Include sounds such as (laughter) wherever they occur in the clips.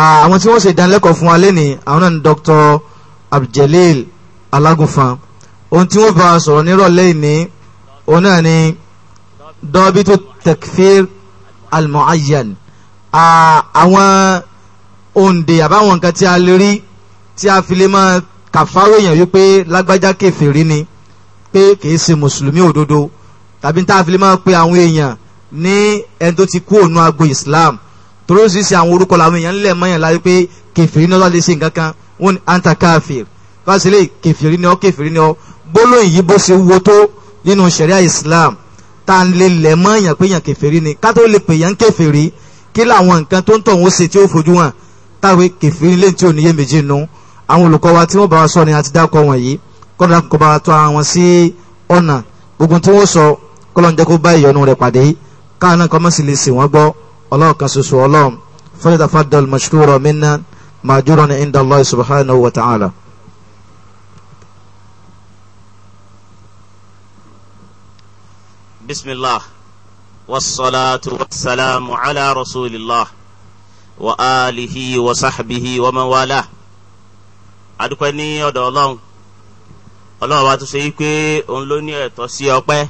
Ah, àwọn tí wọ́n ṣe ìdánilẹ́kọ̀ọ́ fún wa lẹ́nìí àwọn náà ni Dr. Abduljalil Alágúnfà ohun tí wọ́n bá a sọ̀rọ̀ nírọ̀lẹ́ ìní òun náà ni dọ́bítò tekfir almuayyan ah, àwọn òǹdè àbáwọn nǹkan tí a lè rí tí a fi lè máa kàfáró èèyàn wípé lágbájá kèfèrí ni pé kìí ṣe mùsùlùmí òdodo tàbí tá a fi lè máa pe àwọn èèyàn ní ẹni tó ti kú òun agbo Islam torí ó sì ṣe àwọn orúkọ làwọn èèyàn ńlẹ̀ mọ́yàn láyé pé kẹfìrí náà lè ṣe nǹkan kan wọ́n ní anta káfíìr fásilẹ̀ kẹfìrí ni ọ́ kẹfìrí ni ọ́ gbólóhùn yìí bó ṣe wo tó nínú ṣẹ̀ríà Islam tá à ń lè lẹ̀ mọ́yàn pé yàn kẹfìrí ni ká tó lè pè yàn kẹfìrí kí làwọn nǹkan tó ń tọ̀ wọ́n ṣe tí ó fojú hàn táwọn kẹfìrí lè tí ò níyé méjì nu àwọn olùkọ́ wa tí wọ́n bá wa sọ ni àti dákọ̀ wọ̀nyí kọ́ńtà kò bá wa tọ́ àwọn sí ọ̀nà gbogbo tí wọ́n sọ kọ́lọ́njẹ́ kó bá ìyọnu rẹ̀ ọlọ́run kan ṣoṣo ọlọ́run falyatafaddal mashkura minna ma'juran inda Allah subhanahu wa ta'ala. bismillah wasalaatu wasalaamu ala rasulillah wa alihi wa sahbihi wa mawala adúpẹ́ ní ọ̀dọ̀ ọlọ́run wa tún ṣe yí pé òun ló ní ẹ̀tọ́ sí ọpẹ́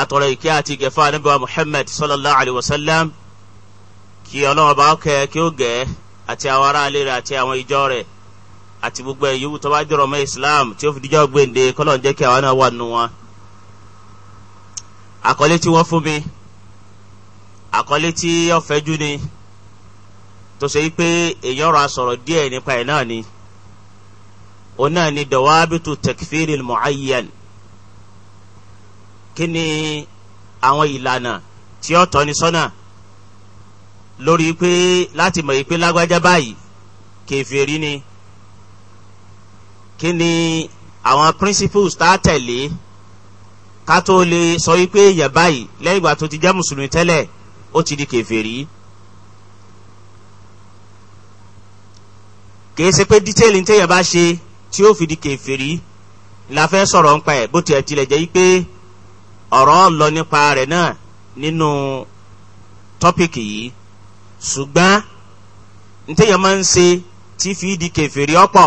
atọrọ ìkẹ́ àti ìgẹ̀ fún Ànábì wa Muhammad sallallahu alayhi wa sallam kí Ọlọ́run bá kẹ́ kí ó gẹ̀ àti àwọn ará ilé rẹ̀ àti àwọn ìjọ rẹ̀ àti gbogbo ìyíwù tó bá jọrọ mọ́ Islam tí ó fi dijọ́ gbèǹde kọ́lọ́n jẹ́ kí àwọn náà wà nù wọn. àkọlé tí wọ́n fún mi àkọlé tí ọ̀fẹ́ jú ni tó ṣe pé èèyàn ra sọ̀rọ̀ díẹ̀ nípa ẹ̀ náà ni òun náà ni dawabitu takfiril muayyan kini ni àwọn ìlànà tí ó tọ́ni sọ́nà lórí pé láti mọ̀ pé lágbájá báyìí kèfèrí ni kini ni àwọn principles tá a tẹ̀lé ká tó lè sọ wípé èèyàn báyìí lẹ́yìn ìgbà tó ti jẹ́ mùsùlùmí tẹ́lẹ̀ ó ti di kèfèrí. kìí ṣe pé dítẹ́ẹ̀lì téèyàn bá ṣe tí ó fi di kèfèrí la fẹ́ sọ̀rọ̀ ń ẹ̀ bó tiẹ̀ tilẹ̀ jẹ́ wípé. ọ̀rọ̀ lọ nípa rẹ̀ náà nínú tọ́pìkì yìí ṣùgbọ́n ntẹ́yẹ̀ máa ń ṣe tí fi di kẹfìrí ọ̀pọ̀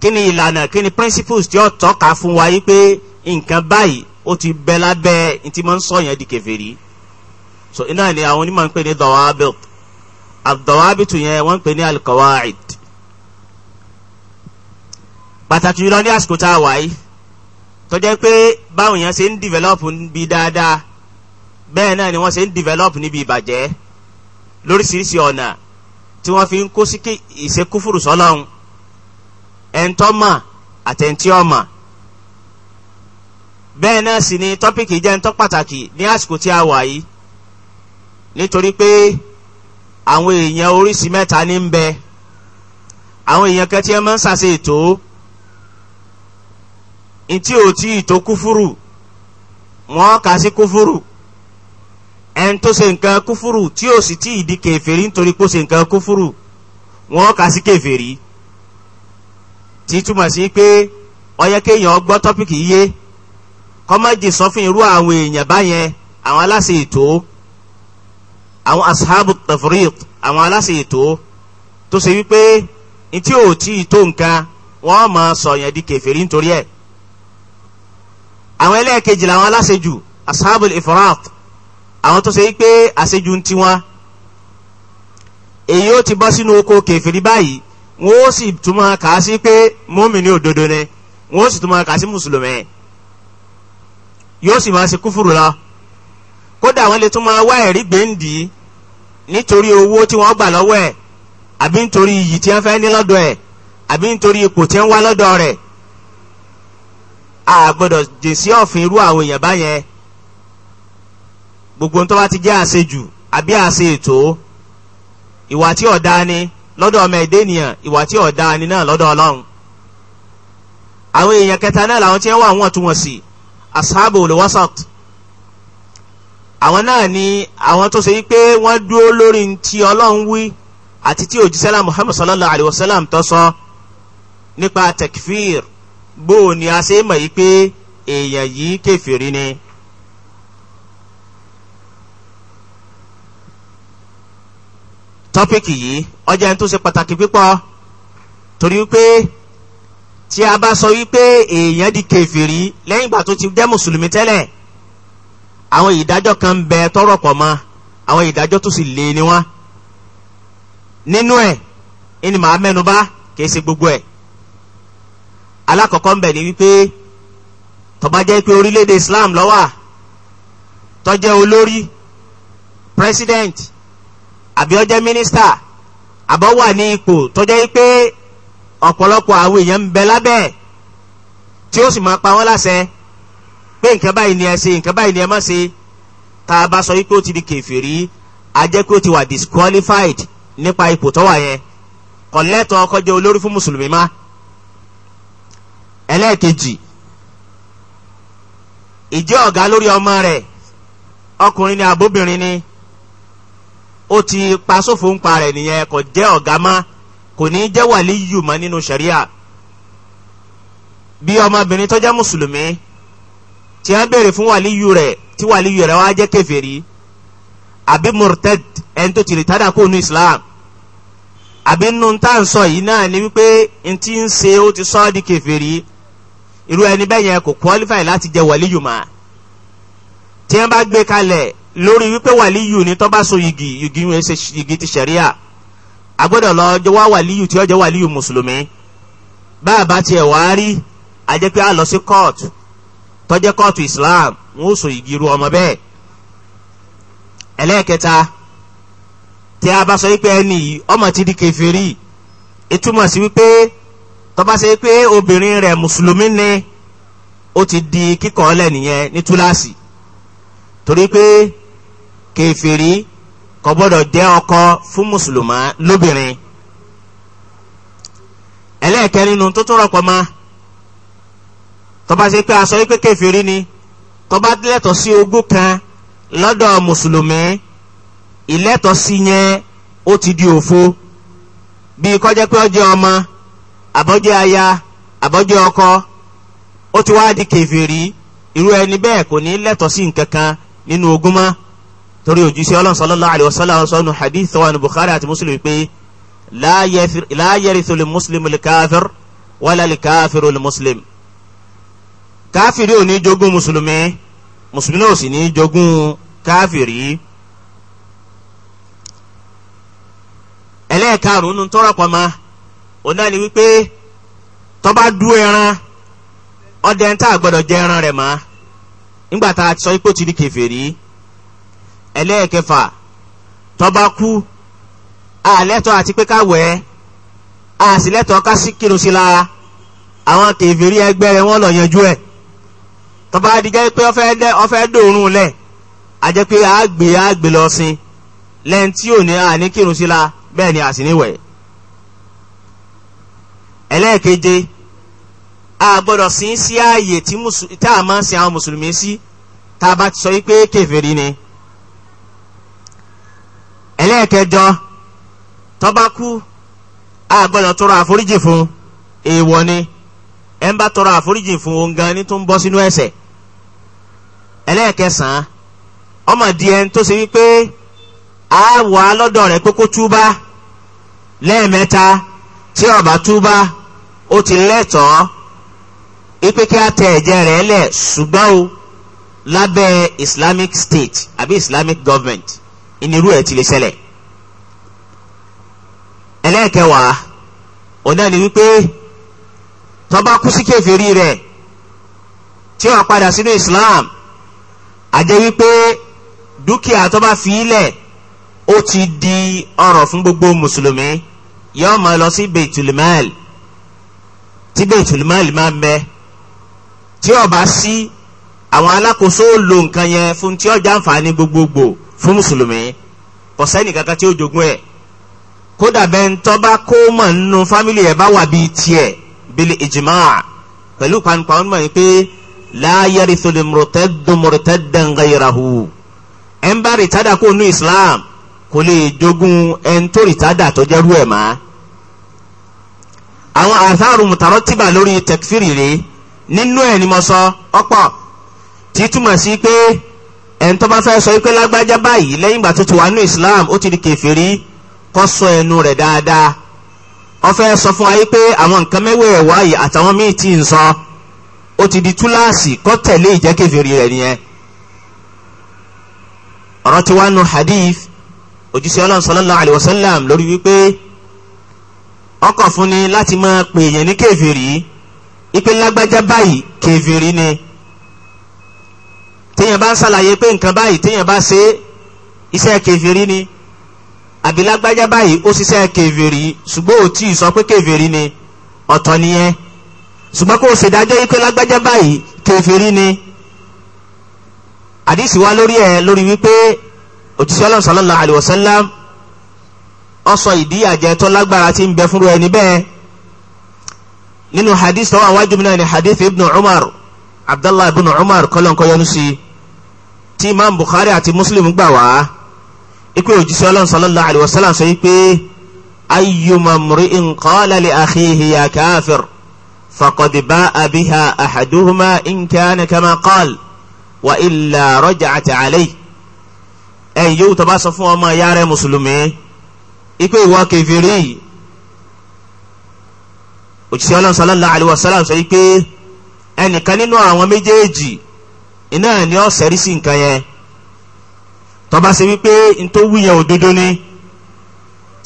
kí ni ìlànà kí ni principles tí ó tọ́ka fún wa yìí pé báyìí ó ti bẹ lábẹ́ ntí máa sọ yẹn di so iná ni àwọn onímọ̀ ń pè ní àdọ̀wábìtù yẹn wọ́n ń pè ní pàtàkì ní àsìkò tó jẹ́ pé báwọn èèyàn ṣe ń develop níbi dáadáa bẹ́ẹ̀ náà ni wọ́n ṣe ń develop níbi ìbàjẹ́ lóríṣiríṣi ọ̀nà tí wọ́n fi ń kó sí ìṣekúfùrù sọ́lọ́hún ẹ̀ńtọ́mà àtẹ̀ntíọ́mà bẹ́ẹ̀ náà sì ni tọ́pìkì jẹ́ ńtọ́ pàtàkì ní àsìkò tí a wà yìí nítorí pé àwọn èèyàn oríṣi mẹ́ta ní ń bẹ àwọn èèyàn kẹtí ẹ máa ń ṣàṣe ètò ntí o tí ì tó kúfúrú wọ́n kà sí kúfúrú ẹni tó ṣe nǹkan kúfúrú tí o sì tí ì di kèfèrí nítorí pé ó ṣe nǹkan kúfúrú wọ́n kà sí kèfèrí tí túmọ̀ kéèyàn gbọ́ tọ́pìkì yé kọ́mọ́jì sọ fún àwọn èèyàn báyẹn àwọn aláṣẹ ètò àwọn ashabu tafriq àwọn aláṣẹ ètò tó ṣe wípé ntí o tí ì tó nǹkan wọ́n máa di kèfèrí nítorí ẹ̀ àwọn ẹlẹ́ẹ̀kejì làwọn aláṣejù ashabul ifrat àwọn tó ṣe yí pé àṣejù ń tiwọn èyí ó ti bọ́ sínú oko kèfèrí báyìí wọ́n ó sì tún máa kà á sí pé mọ́mìnì òdodo ni wọ́n ó sì tún máa kà á sí mùsùlùmí yóò sì máa ṣe kúfùrù lọ kódà wọ́n lè tún wá ẹ̀rí gbèǹdì nítorí owó tí wọ́n gbà lọ́wọ́ ẹ̀ àbí nítorí iyì tí wọ́n fẹ́ ní lọ́dọ̀ ẹ̀ àbí nítorí ipò tí wọ́n wá lọ́dọ̀ rẹ̀ a gbọ́dọ̀ jèsí ọ̀fìn irú àwọn èèyàn báyẹn gbogbo ń tó bá ti jẹ́ àṣejù àbí àṣe ètò ìwà tí ọ̀dá ni lọ́dọ̀ ọmọ ẹ̀dẹ́ ènìyàn ìwà tí ọ̀dá ni náà lọ́dọ̀ ọlọ́run àwọn èèyàn kẹta náà làwọn tí wọ́n wọ́n tún wọ́n sí asáàbò olùwọ́sàt àwọn náà ni àwọn tó ṣe wípé wọ́n dúró lórí ti ọlọ́run wí àti tí òjísẹ́lá muhammad sallallahu alayhi wa sallam tó sọ nípa tekfir bó o ní a ṣe mọ̀ yìí pé èèyàn yìí kèfèrí ni. tọ́píkì yìí ọjà ń tó ṣe pàtàkì pípọ̀ torí pé tí a bá sọ wípé èèyàn di kèfèrí lẹ́yìn ìgbà tó ti jẹ́ mùsùlùmí tẹ́lẹ̀ àwọn ìdájọ́ kan ń bẹ tọ́rọ̀ pọ̀ mọ́ àwọn ìdájọ́ tó sì lé ni wọ́n nínú ẹ̀ ẹni màá mẹ́nu bà kìí ṣe gbogbo ẹ̀. alákọ̀ọ́kọ́ ń bẹ̀ ni wípé tó bá jẹ́ pé orílẹ̀-èdè Islam ló wà tó olórí president àbí minister àbọ̀ wà ní ipò tó jẹ́ pé ọ̀pọ̀lọpọ̀ àwọn èèyàn ń bẹ lábẹ́ tí ó sì máa pa wọ́n láṣẹ pé nǹkan báyìí ni ẹ ṣe nǹkan báyìí ni ẹ má ṣe tá a bá sọ wípé ó ti di kèfèrí a jẹ́ pé ó ti wà disqualified nípa ipò tó wà yẹn kò lẹ́tọ̀ọ́ kó jẹ́ olórí fún mùsùlùmí má ẹlẹ́ẹ̀kejì ìjẹ́ ọ̀gá lórí ọmọ rẹ̀ ọkùnrin ni àbóbìnrin ni ó ti pa sófo ń pa rẹ̀ nìyẹn kò jẹ́ ọ̀gá mọ́ kò ní jẹ́ wàlíyù mọ́ nínú ṣẹ̀ríà bí ọmọbìnrin tó jẹ́ mùsùlùmí tí wọ́n béèrè fún wàlíyù rẹ̀ tí wàlíyù rẹ̀ wá jẹ́ kèfèrí àbí murtad ẹni tó ti rìtádà kó nu islam àbí nu tá à ń sọ yìí náà ni wípé ntí ń ṣe ó ti sọ di kèfèrí irú ẹni bẹ́ẹ̀ yẹn kò qualify láti jẹ wàlíyù mà tí wọ́n bá gbé kalẹ̀ lórí wípé wàlíyù ni tó bá so igi igi yìí ṣe igi ti ṣẹ̀ríà agbọ́dọ̀ lọ jọ wá wàlíyù tí ó jẹ́ wàlíyù mùsùlùmí báà bá tiẹ̀ wá rí ajẹ́pẹ́ á lọ sí kóòtù tó jẹ́ kóòtù Islam wọ́n so igi irú ọmọ bẹ́ẹ̀ ẹlẹ́ẹ̀kẹta tí a bá sọ wípé ẹni ọmọ ti di kèfèrí ìtumọ̀ sí wípé tó bá ṣe pé obìnrin rẹ̀ mùsùlùmí ni ó ti di kíkọ̀ ọ́lẹ̀ nìyẹn ní túláàsì torí pé kèfèrí kò gbọ́dọ̀ jẹ́ ọkọ fún mùsùlùmá lóbìnrin ẹlẹ́ẹ̀kẹ́ nínú tó tún rọ̀pọ̀ ma tó bá ṣe pé aṣọ yìí pé kèfèrí ni tó bá lẹ́tọ̀ sí ogún kan lọ́dọ̀ mùsùlùmí ìlẹ́tọ̀ sí yẹn ó ti di òfo bí kó pé ó ọmọ àbọ́jẹ́ aya àbọ́jẹ́ ọkọ ó ti wáá di kèfèrí irú ẹni bẹ́ẹ̀ kò ní lẹ́tọ̀ọ́ sí nǹkan kan nínú ogún mọ́ torí òjíṣẹ́ Ọlọ́run sallallahu alaihi wasallam sọ́nù hadith tọ́wọ́nù Bukhari àti Muslim pé la yarithu lil muslimu lil kafir wala lil kafiru lil muslim káfìrí ò ní jogún mùsùlùmí mùsùlùmí náà ò sì ní jogún káfìrí. ẹlẹ́ẹ̀karùn-ún tọ́rọ̀ pọ̀ máa òun náà ni wípé tọ́ba dú ẹran ọdẹ ń tà gbọ́dọ̀ jẹ ẹran rẹ̀ mọ́ nígbà tá a sọ pé ó ti di kèfèrí ẹlẹ́ẹ̀kẹfà tọ́ba kú àlẹ́tọ̀ àti pé ká wẹ̀ ẹ́ àsìlẹ́tọ̀ ká sí kírun sí lára àwọn kèfèrí ẹgbẹ́ rẹ̀ wọ́n lọ yanjú ẹ̀ tọ́ba adijẹ́ pé ọfẹ́ dòórùn lẹ̀ àjẹ́ pé àgbè àgbè lọ sin lẹ́yìn tí ò ní àní kírun sí la bẹ́ẹ̀ ni àsìníwẹ̀ẹ́. ẹlẹ́ẹ̀keje a gbọ́dọ̀ sí sí ààyè tí a máa ń sin àwọn mùsùlùmí sí tá a bá sọ ni ẹlẹ́ẹ̀kẹjọ tó kú a gbọ́dọ̀ tọrọ àforíjì fún èèwọ̀ ni ẹ ń fún òun gan ni tó ń bọ́ sínú ẹlẹ́ẹ̀kẹsàn-án ọmọ díẹ̀ tó ṣe wípé a wà lọ́dọ̀ rẹ̀ pé túbá lẹ́ẹ̀mẹ́ta tí ọba túbá ó ti lẹ́tọ̀ọ́ ipe kí a tẹ ẹ̀jẹ̀ rẹ̀ lẹ̀ ṣùgbọ́n o lábẹ́ islamic state àbí islamic government ìnirú ẹ̀ ti lè ṣẹlẹ̀ ẹlẹ́ẹ̀kẹwàá ọ̀nà ni wípé tó bá kú sí kèfèrí rẹ̀ tí wọ́n padà sínú islam àjẹ́ wípé dúkìá tó bá fi ilẹ̀ ó ti di ọrọ̀ fún gbogbo mùsùlùmí yóò máa lọ sí beitul mal tí Baitul Mal máa ń bẹ tí ó bá sí àwọn alákòóso lo nǹkan yẹn fún tí ó jẹ́ àǹfààní gbogbogbò fún mùsùlùmí kò sẹ́ni kankan tí ó jogún ẹ̀ kódà bẹ́ẹ̀ ń tọ́ba kó mọ̀ nínú fámìlì ẹ̀ bá wà bíi tiẹ̀ bil ijma' pẹ̀lú panupa wọn mọ̀ ní pé la yarithul murtaddu murtaddan ghayrahu ẹ̀ ń bá rìtádà kó nu Islam kò lè jogún ẹ̀ ń tó rìtádà tó jẹ́rú ẹ̀ máa àwọn àtàrù mùtàrọ́tìbà lórí tẹkfírì rèé nínú ẹ̀ ni mo sọ ọ̀pọ̀ tí túmọ̀ sí pé ẹni tó bá fẹ́ sọ pé lágbájá báyìí lẹ́yìn ìgbà tó ti wà ní Islam ó ti di kèfèrí kó sọ ẹnu rẹ̀ dáadáa ó fẹ́ sọ fún ayé pé àwọn nǹkan mẹ́wẹ̀ẹ̀wá yìí àtàwọn míì tí ń sọ ó ti di túláàsì kó tẹ̀lé ìjẹ́ kèfèrí rẹ̀ nìyẹn ọ̀rọ̀ tí wàá nu hadith òjíṣẹ́ ọlọ́run sallallahu alayhi wa sallam lórí wípé ọkàn fún ni láti máa pè èèyàn ní kèfèrí ipe lágbájá báyìí kèfèrí ni téèyàn bá ń ṣàlàyé pé nǹkan báyìí téèyàn bá ṣe iṣẹ́ kèfèrí ni àbí lágbájá báyìí ó ṣiṣẹ́ kèfèrí ṣùgbọ́n ò tí ì sọ pé kèfèrí ni ọ̀tọ̀ nìyẹn ṣùgbọ́n kó o ṣèdájọ́ yìí pé lágbájá báyìí kèfèrí ni àdìsí wa lórí ẹ̀ lórí wípé òjíṣẹ́ ọlọ́run sallallahu alaihi ọsọ ìdíyàjẹ tó lágbára tí ń bẹ fúnru ẹni bẹ́ẹ̀ nínú hadith tó wà wájú mi náà ni hadith ibn umar abdallah ibn umar kọlọ́nkọ́ yọnu sí i tí imam bukhari àti muslim gbà wá ikú òjíṣẹ́ ọlọ́run sallallahu alayhi wa sallam sọ yìí pé ayyuma mri'in qala li akhihi ya kafir faqad ba'a biha ahaduhuma in kana kama qala wa yóò tó bá sọ fún ọmọ yàrá mùsùlùmí. ipe ìwọ kèfèrí yìí òjíṣẹ́ ọlọ́run sallallahu wasallam sọ ikpe. ẹnìkan nínú àwọn méjèèjì iná ẹ̀ ní ọ̀sẹ̀ rí sí nǹkan yẹn tó bá ṣe yẹn òdodo ni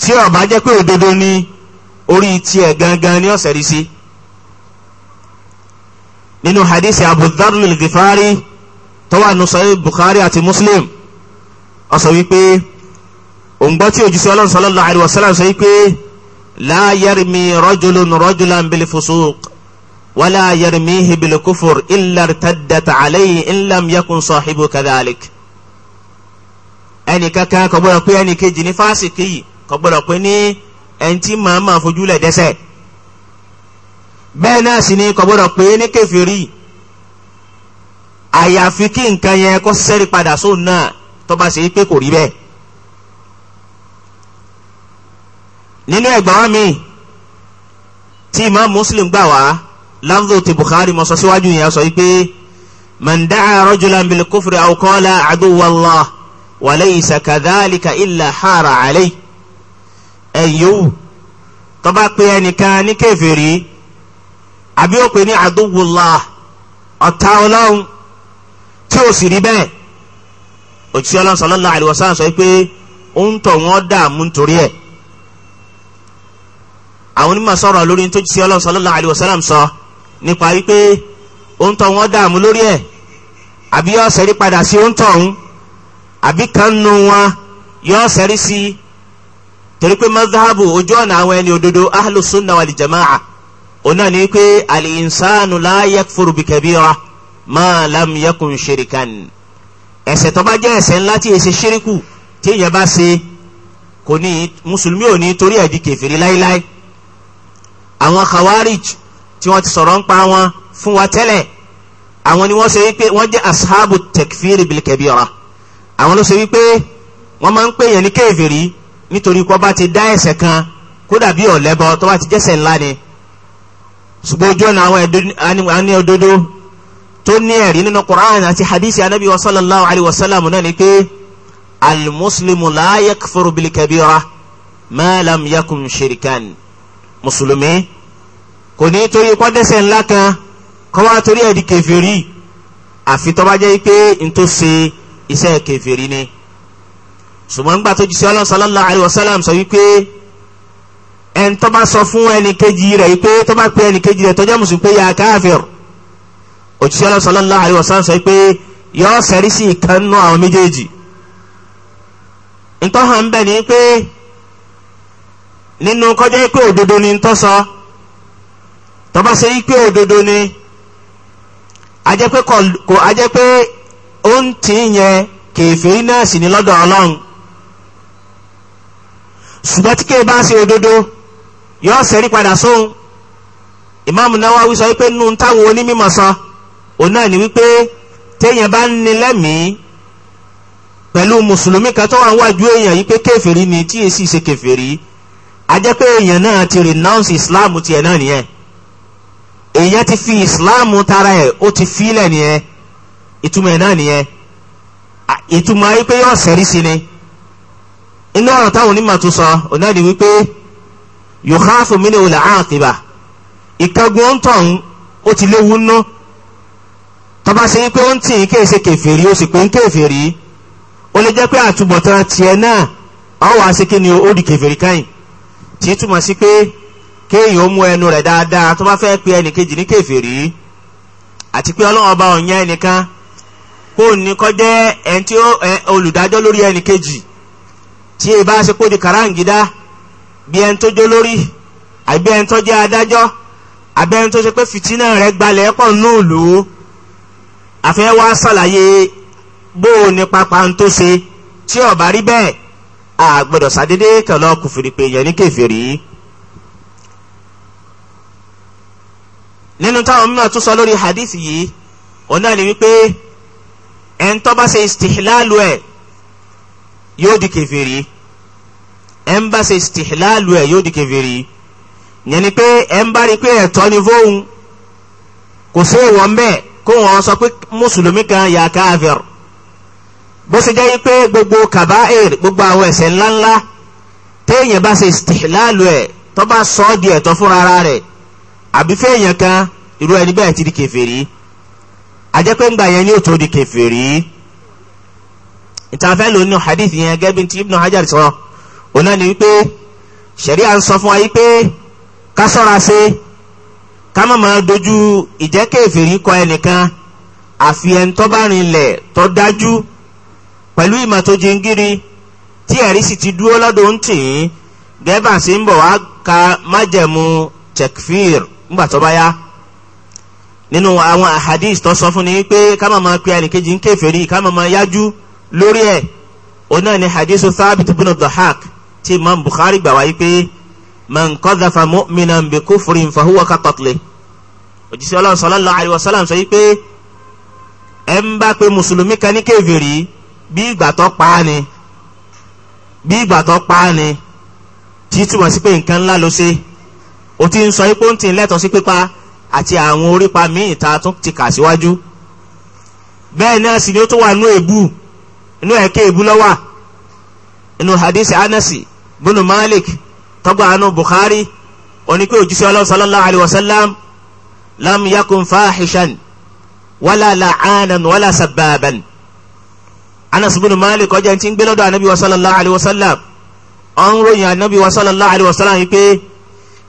tí ó bá jẹ́ pé òdodo ni orí tiẹ̀ gangan ní ọ̀sẹ̀ sí. nínú hadisi Abu Dharr al-Ghifari Towa wà Bukhari àti Muslim ó sọ wípé. òǹgbọ́ tí òjíṣẹ́ ọlọ́run sallallahu alaihi wasallam sọ wípé la yarmi rajulun rajulan bil fusuq wala yarmihi bil kufur illa irtaddat alayhi in lam yakun sahibu kadhalik. ẹnì kankan kò gbọdọ̀ pé ẹnì kejì ní fásìkì yìí kò pé ní ẹni tí fojú lẹ̀ dẹ́ṣẹ̀. bẹ́ẹ̀ náà sì ni kò pé ní kèfèrí àyàfi kí nǹkan yẹn kó ṣẹ́rí padà sóun nínú ẹgbàá mi tí imam muslim gbà wá lafdhu ti bukhari mọ sọ síwájú yẹn sọ yìí pé man da'a rajulan bil kufri aw qala aduwallah wa laysa kadhalika illa hara alayhi ẹ̀yọ́ tó bá pe ẹnìkan ní kèfèrí àbí ó pe ní aduwullah ọ̀tá ọlọ́run tí ó sì rí bẹ́ẹ̀ òjíṣẹ́ ọlọ́run sallallahu alaihi sọ pé ó ń tọ̀ wọ́n dààmú nítorí ẹ̀ àwọn onímọ̀ sọ̀rọ̀ lórí tó ti ọlọ́run sallallahu alaihi wasallam sọ nípa wípé ohun tó wọn dààmú lórí ẹ̀ àbí yọ sẹ́rí padà sí ohun tọ̀hún àbí kan nu wọn yọ sẹ́rí sí i torí pé mazhabu ojú ọ̀nà àwọn ẹni òdodo ahlu sunna wal jama'a ọ̀nà ni pé al-insanu la yakfuru bi kabira ma lam yakun shirikan ẹ̀ṣẹ̀ tó bá jẹ́ ẹ̀ṣẹ̀ ńlá tí èsì ṣíríkù tí èèyàn bá ṣe kò ní mùsùlùmí ò ní torí ẹ̀ di kèfèrí láíláí àwọn khawarij tí wọ́n ti sọ̀rọ̀ ń pa wọn fún wa tẹ́lẹ̀ àwọn ni wọ́n ṣe wípé wọ́n jẹ́ ashabu tekfiri bilkebira àwọn ló ṣe wípé wọ́n máa ń pè yẹn ní kéèfèrí nítorí kó bá ti dá ẹ̀ṣẹ̀ kan kódà bí ọ̀lẹ́bọ tó bá ti jẹ́ṣẹ̀ ńlá ni ṣùgbọ́n ojú ọ̀nà àwọn àní òdodo tó ní ẹ̀rí nínú Qur'an àti hadisi anabi wa sallallahu alayhi wa sallam náà ni pé almuslimu la yakfuru bilkebira ma yakun shirikan mùsùlùmí kò ní torí pọ́dẹ́sẹ̀ ńlá kan kọ́ wá torí ẹ̀dí kẹfìrí àfi tó bá jẹ́ pé ntòsí iṣẹ́ kẹfìrí ni ṣùgbọ́n nígbà tó jíṣẹ́ ọlọ́run sallallahu alayhi wa sallam sọ wípé ẹn tó bá sọ fún ẹnìkejì rẹ̀ wípé tó bá pe ẹnìkejì rẹ̀ tó jẹ́ mùsùlùmí pé ya káfíìr òjíṣẹ́ ọlọ́run sallallahu alayhi wa sọ wípé yọ sẹ́rí sí ìkànnú àwọn méjèèjì ntọ́hàn bẹ́ẹ̀ ni pé nínú kọjá pé òdodo ni tó sọ tọ́ba ṣe pé òdodo ni ajẹ́ pé kò ajẹ́ pé ó ń tì í yẹn kèfèrí náà sì ní lọ́dọ̀ ọlọ́run ṣùgbọ́n tí kéè bá ṣe òdodo yóò ṣẹ́rí padà sóhun ìmáàmù Nawawi sọ wípé nínú táwọn onímọ̀ sọ òun náà ni wípé téèyàn bá ń ní lẹ́mìí pẹ̀lú mùsùlùmí kan tó wà ń wájú èèyàn yìí pé kèfèrí ni tí èsì ṣe kèfèrí ajẹ́ pé èèyàn náà ti renounce islam tiẹ̀ náà nìyẹn èèyàn ti fi islam tara ẹ̀ ó ti filẹ̀ nìyẹn ìtumọ̀ ẹ̀ náà nìyẹn ìtumọ̀ ayé pé yóò sẹ́rí sí ni inú ọ̀rọ̀ táwọn onímọ̀ tó sọ ọ̀nà ni wípé yòókàfù mi ni olè àkìbà ìkángun ọ̀ntàn ó ti léwu nú tọ́ba ṣe pé ó ń tì í kéèṣe kèfèrí ó sì pé ń kéèfèrí ó lè jẹ́ pé àtúbọ̀tán tiẹ̀ náà ọ̀ wá ni ó di kèfèrí káyìn tí túmọ̀ sí pé kéèyàn ó mú ẹnu rẹ̀ dáadáa tó bá fẹ́ pe ẹnìkejì ní kèfèrí àti pé ọlọ́run ọba ọ̀yàn ẹnìkan kó ní kó jẹ́ ẹni tí olùdájọ́ lórí ẹnìkejì tí ẹ e bá ṣe kó di kàráǹgídá bí ẹni tó jó lórí àbí ẹni tó jẹ́ adájọ́ àbí ẹni tó ṣe pé fìtínà rẹ̀ gbalẹ̀ pọ̀ nùlù àfẹ́ wá ṣàlàyé bó o ní pápá ń tó ṣe tí ó rí bẹ́ẹ̀ àgbẹ̀dọ̀ sàdédé kẹlọ kùfìrí pé yẹn ní kẹfìrí. nínú táwọn mímọ tún sọ lórí hadith yìí òun náà ni wípé ẹn tó bá ṣe istihlalu ẹ yóò di kẹfìrí ẹn bá ṣe istihlalu ẹ yóò di kẹfìrí yẹn ni pé ẹn bá rí pé ẹ̀tọ́ ni fóun kò sí ìwọ̀n bẹ́ẹ̀ kó wọn sọ pé mùsùlùmí kan yà káfíìrì bó ṣe jẹ́ pé gbogbo kàbáìr gbogbo àwọn ẹ̀ṣẹ̀ ńláńlá téèyàn bá ṣe istihlalu ẹ̀ tó bá sọ ọ́ di ẹ̀tọ́ fúnra ara rẹ̀ àbí fẹ́ẹ̀yàn kan irú ẹni bẹ́ẹ̀ ti di kèfèrí àjẹpẹ́ ńgbà yẹn ni ó tó di kèfèrí ìtàfẹ́ ló ní hadith yẹn gẹ́bí tí Ibn Hajar sọ ọ̀nà ni wípé ṣẹ̀ríà ń sọ fún wa wípé ká sọ́ra ṣe ká má máa dojú ìjẹ́kèfèrí kọ ẹnìkan àfi ẹni tó bá rinlẹ̀ tó dájú pẹ̀lú ìmọ̀ tó jingiri tí ẹ̀rí sì ti dúró lọ́dọ̀ ń tì í gẹ́bà sí ń bọ̀ wá ka májẹ̀mú tekfir ńgbà tó bá yá nínú àwọn ahadis tó sọ fún ni pé ká má máa pe ẹnìkejì ń kèfèrí ká má máa yájú lórí ẹ̀ òun náà ni hadisu Thabit bin Dhahak tí Imam Bukhari gbà wáyé pé man qadhafa mu'minan bi kufrin fahuwa ka qatlihi òjíṣẹ́ Ọlọ́run sallallahu alaihi wasallam sọ yí pé ẹ ń bá pe mùsùlùmí kan ní kèfèrí bí ìgbà tó pa á ni bí ìgbà tó pa á ni tí túmọ̀ sí pé nǹkan ńlá ló ṣe o ti ń sọ ipò ń tì ń lẹ́tọ̀ọ́ sí pípa àti àwọn orípa míì tá a tún ti kà síwájú bẹ́ẹ̀ náà sì ni ó tún wà nú èbú inú ẹ̀kẹ́ èbú lọ́wà inú hadith anasi bunu malik tọ́gbà anú bukhari oní pé ọlọ́run sallallahu alayhi wa sallam lam yakun fahishan wala la'anan wala sababan anas bin malik ọjà tí ń gbé lọ́dọ̀ anabi wa sallallahu alayhi wa sallam ọ̀n ròyìn anabi wa sallallahu alayhi wa sallam yìí pé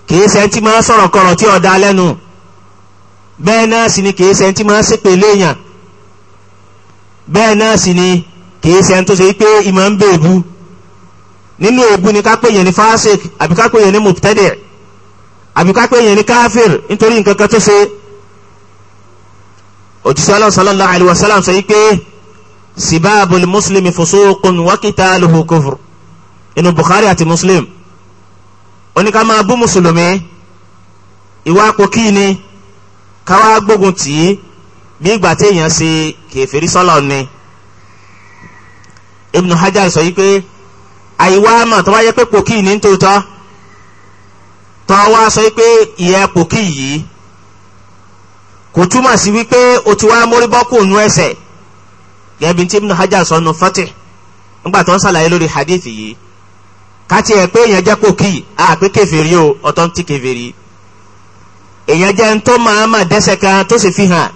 kìí ṣe ẹntì máa sọ̀rọ̀ kọ̀rọ̀ tí ọ̀dà lẹ́nu bẹ́ẹ̀ náà sì ni kìí ṣe ẹntì máa ṣépè léèyàn bẹ́ẹ̀ náà sì ni kìí ṣe ẹntì tó ṣe pé ìmọ̀ ń bèèbú nínú èébú ni ká pè yẹn ní fásik àbí ká pè yẹn ní mùtẹ́dẹ̀ àbí ká pè yẹn ní káfíìr nítorí nǹkan sallallahu alayhi wa sallam sọ yìí pé sibaabu muslim fusuqun wa qitaluhu kufr inú bukhari àti muslim oni ká máa bú mùsùlùmí ìwà kòkí ni káwá gbógun tì í bí ìgbà téèyàn ṣe ni ibnu hajar sọ yìí pé àìwá mọ̀ tó bá yẹ pé kòkí ni nítòótọ́ tó wá sọ yìí pé ìyẹn kòkí yìí kò túmọ̀ sí wípé o ti wá mórí bọ́kù nú ẹsẹ̀ gẹ́gẹ́ tí ibùdó hajj sọnù fatih ńgbà tó ń sàlàyé lórí hadith yìí kátì ẹ̀ pé èèyàn jẹ́ kókì àpé kèfèrí o ọ̀tọ̀ ń ti kèfèrí èèyàn jẹ́ ntọ́ máa ma dẹ́sẹ̀ kan tó sì fi hàn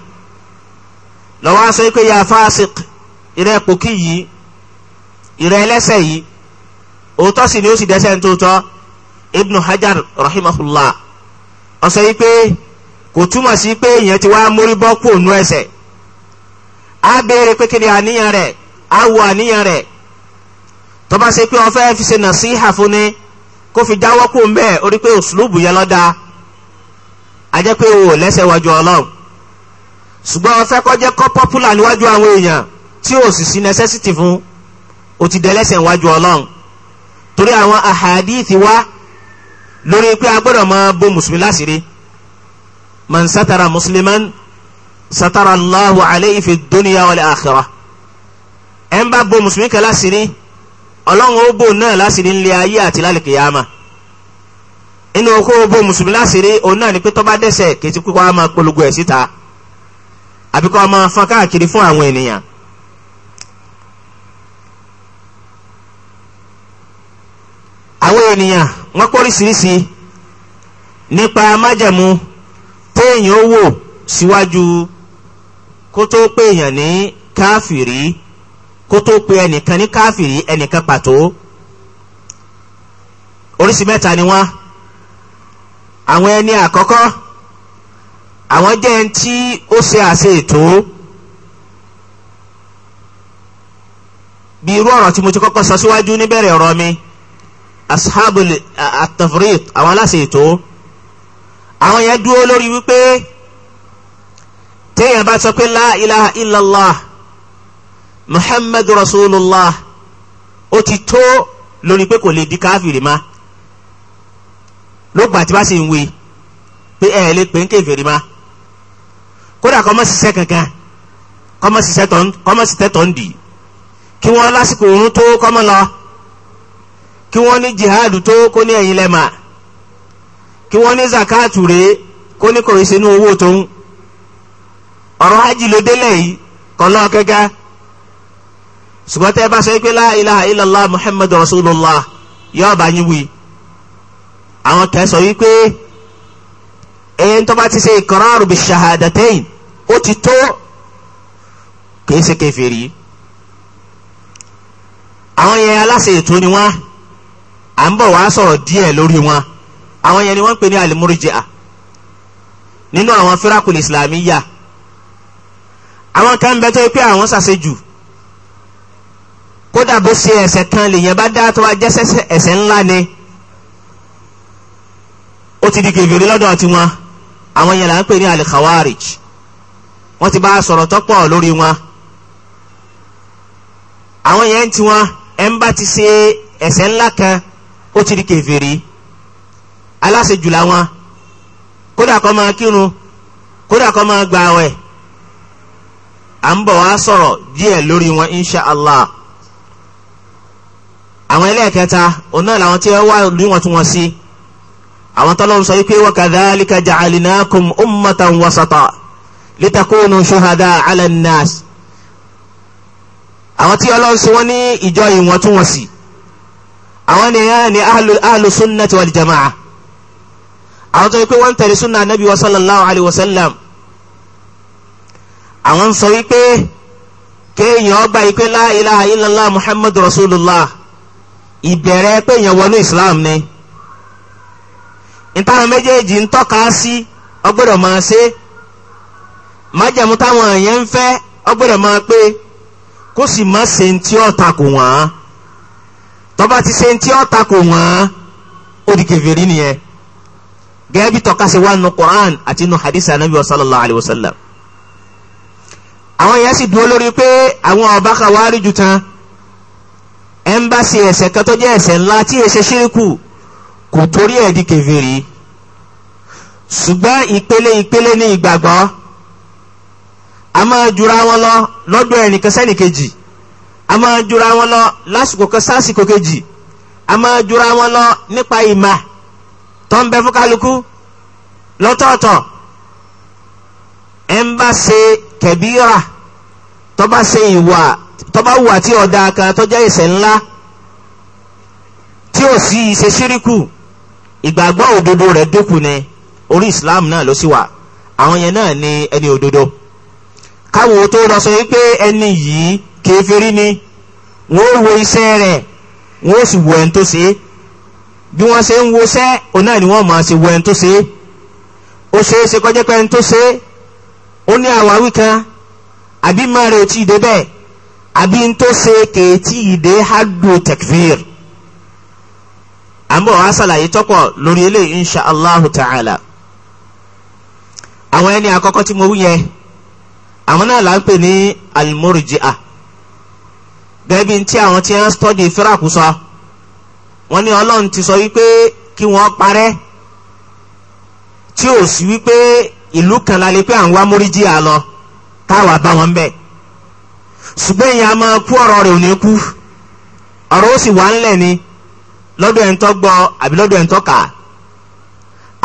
lọ́wọ́ aṣọ yìí pé ya fásik ìrẹ́ kókì yìí ìrẹ́ ẹlẹ́sẹ̀ yìí òótọ́ sì ni ó sì dẹ́sẹ̀ ń ibùdó hajj rahimahullah ọ̀sẹ̀ yìí kò túmọ̀ sí pé èèyàn ti wá mórí bọ́ kó nú ẹsẹ̀ a béèrè pé kí ni àníyàn rẹ̀ a wo àníyàn rẹ̀ tó bá ṣe pé ó fẹ́ fi ṣe nàṣíhà fún ni kó fi jáwọ́ kó ń bẹ́ẹ̀ orí pé a jẹ́ pé o lẹ́sẹ̀ wájú ọlọ́run ṣùgbọ́n ó fẹ́ kó jẹ́ kó pọ́pùlà níwájú àwọn èèyàn tí o sì sí necessity fún o ti dẹ́lẹ́sẹ̀ wájú ọlọ́run torí àwọn àhàdíìtì wá lórí pé a gbọ́dọ̀ máa mùsùlùmí satara allahu alayhi fi dunya wal akhirah ẹ̀ ń bá bo mùsùlùmí kan láṣìírí ọlọ́run ó bò náà láṣìírí ńlẹ̀ ayé àti lálẹ́kìyàmá inú okó bo mùsùlùmí láṣìírí òun náà ni pé tó bá dẹ́ṣẹ̀ kìtì kó a máa polongo ẹ̀ síta àbí kó a máa káàkiri fún àwọn ènìyàn. àwọn ènìyàn wọ́n pọ̀ oríṣiríṣi nípa májẹ̀mú téèyàn wò síwájú kó tó pé èèyàn ní káfìrí kó tó pé ẹnìkan ní káfìrí ẹnìkan pàtó oríṣi mẹ́ta ni wọ́n àwọn ẹni àkọ́kọ́ àwọn jẹ́ ẹni tí ó ṣe àṣe ètò bí irú ọ̀rọ̀ tí mo ti kọ́kọ́ sọ síwájú níbẹ̀rẹ̀ ọ̀rọ̀ mi ashabul atafrit àwọn aláṣẹ ètò àwọn yẹn dúró lórí wípé. téèyàn bá sọ pé la illallah muhammadu rasulullah ó ti tó lórí pé kò lè di káfìrì ma ló gbà tí wá sì ń wí pé ẹ lè pè ń kéfìrì ma kódà kọ́ mọ́ kankan kọ́ mọ́ ṣiṣẹ́ tọ́ ń dì kí wọ́n lásìkò òun tó kọ́ mọ́ lọ kí wọ́n ní jihadu tó kó ní ẹ̀yìn lẹ́mà kí wọ́n ní zakatu rèé kó ní kò ṣe owó tó ń. ọ̀rọ̀ hajj ló délẹ̀ yìí kọ́ lọ́ọ́ kẹ́kẹ́ ṣùgbọ́n tẹ́ ẹ bá sọ pé la ilaha illallah muhammadu rasulullah yóò bá yín wí àwọn kan sọ wípé ẹ̀yin tó bá ti ṣe iqraru bi shahadatayn ó ti tó kìí ṣe kèfèrí àwọn yẹn aláṣẹ ètò ni wọn à ń bọ̀ wá sọ̀rọ̀ díẹ̀ lórí wọn àwọn yẹn ni wọ́n ń pè ní alimurji'a nínú àwọn firakul islamiyya àwọn kan bẹ tó yẹ pé àwọn ṣàṣejù kódà bó ṣe ẹ̀ṣẹ̀ kan lèèyàn bá dá tó wá jẹ́ ẹ̀ṣẹ̀ ńlá ni ó ti di kèfèrí lọ́dọ̀ tiwọn àwọn yẹn là ń pè ní al-khawarij wọ́n ti bá a sọ̀rọ̀ tọ́pọ̀ lórí wọn àwọn yẹn ń tiwọn ẹ̀ ń bá ti ṣe ẹ̀ṣẹ̀ ńlá kan ó ti di kèfèrí aláṣejù làwọn kódà kó máa kírun kódà kó máa gbààwẹ̀ à ń bọ̀ wá sọ̀rọ̀ díẹ̀ lórí wọn insha allah àwọn ẹlẹ́ẹ̀kẹta òun náà làwọn tí wọ́n wá níwọ̀ntúnwọ̀nsí àwọn tọ́lọ́run sọ wípé wa kadhalika ja'alnakum ummatan wasata litakunu shuhada 'ala an-nas àwọn tí ọlọ́run sọ wọ́n ní ìjọ ìwọ̀ntúnwọ̀nsí àwọn ni yẹn ni ahlu sunnati wal àwọn tó yẹ pé wọ́n tẹ̀lé sunna anabi wa sallallahu alayhi wa sallam àwọn ń sọ wípé kéèyàn ọba yìí pé la ilaha illallah muhammadu rasulullah ìbẹ̀rẹ̀ pé èèyàn wọnú islam ni ìtàn méjèèjì ń tọ́ka sí ọgbọ́dọ̀ máa ṣe májẹ̀mú táwọn èèyàn ń fẹ́ ọgbọ́dọ̀ máa pé kó sì má ṣe ń tí takò wọ́n tọ́ba ti ṣe ń tí ó takò wọ́n ó nìyẹn gẹ́gẹ́ Qur'an àti hadith anabi wa sallallahu alayhi wa sallam. àwọn yẹn sì dúró lórí pé àwọn ọba kan wá rí ju tán ẹmbásí ẹ̀ṣẹ̀ kan tó jẹ́ ẹ̀ṣẹ̀ ńlá tí èṣe ṣíríkù kò torí ẹ̀ di kèfèrí ṣùgbọ́n ìpele ìpele ní ìgbàgbọ́ a máa jura wọn lọ lọ́dọ̀ ẹnìkan sẹ́nìkejì a máa jura wọn lọ lásìkò kan sásìkò kejì a máa jura wọn lọ nípa ìmà tó ń bẹ fún kálukú lọ́tọ̀ọ̀tọ̀ ẹ̀ kẹbíra tọba se ìwà tọba wà tí ọ̀dà kan tọ́jà ẹ̀ṣẹ̀ ńlá tí ò sí ṣe ṣíríkù ìgbàgbọ́ òdodo rẹ̀ dókun ni orí islam náà ló sì wà àwọn yẹn náà ni ẹni òdodo káwọn tó lọ sọ wípé ẹni yìí kèfèrí ni wọ́n wo iṣẹ́ rẹ̀ wọ́n sì wo ẹni tó ṣe é bí wọ́n ṣe ń wo iṣẹ́ òun náà ni wọ́n máa ṣe wo ẹni tó ṣe é ó ṣeé ṣe kó pé ẹni tó ṣe é o ni awa wika abi mara otu idebe abi ntose ka eti ide ha hagu tekvir a mbo wasa laye topo lori ile inshaallah ta'ala awon eni akoko ti mo wuyi awon na ala pe ni almorajia bebin ti awon ti yan stodi firaku so won ni olon ti so wipe ki won pari ti o si wipe ìlú kan la lè pé àwọn amóríjìyà lọ táwa bá wọn bẹ ṣùgbọ́n ìyá máa kú ọ̀rọ̀ rẹ̀ ò ní kú ọ̀rọ̀ ó sì wà ńlẹ̀ ni lọ́dọ̀ ẹ̀ ń tọ́ gbọ́ àbí lọ́dọ̀ ẹ̀ ń tọ́ kà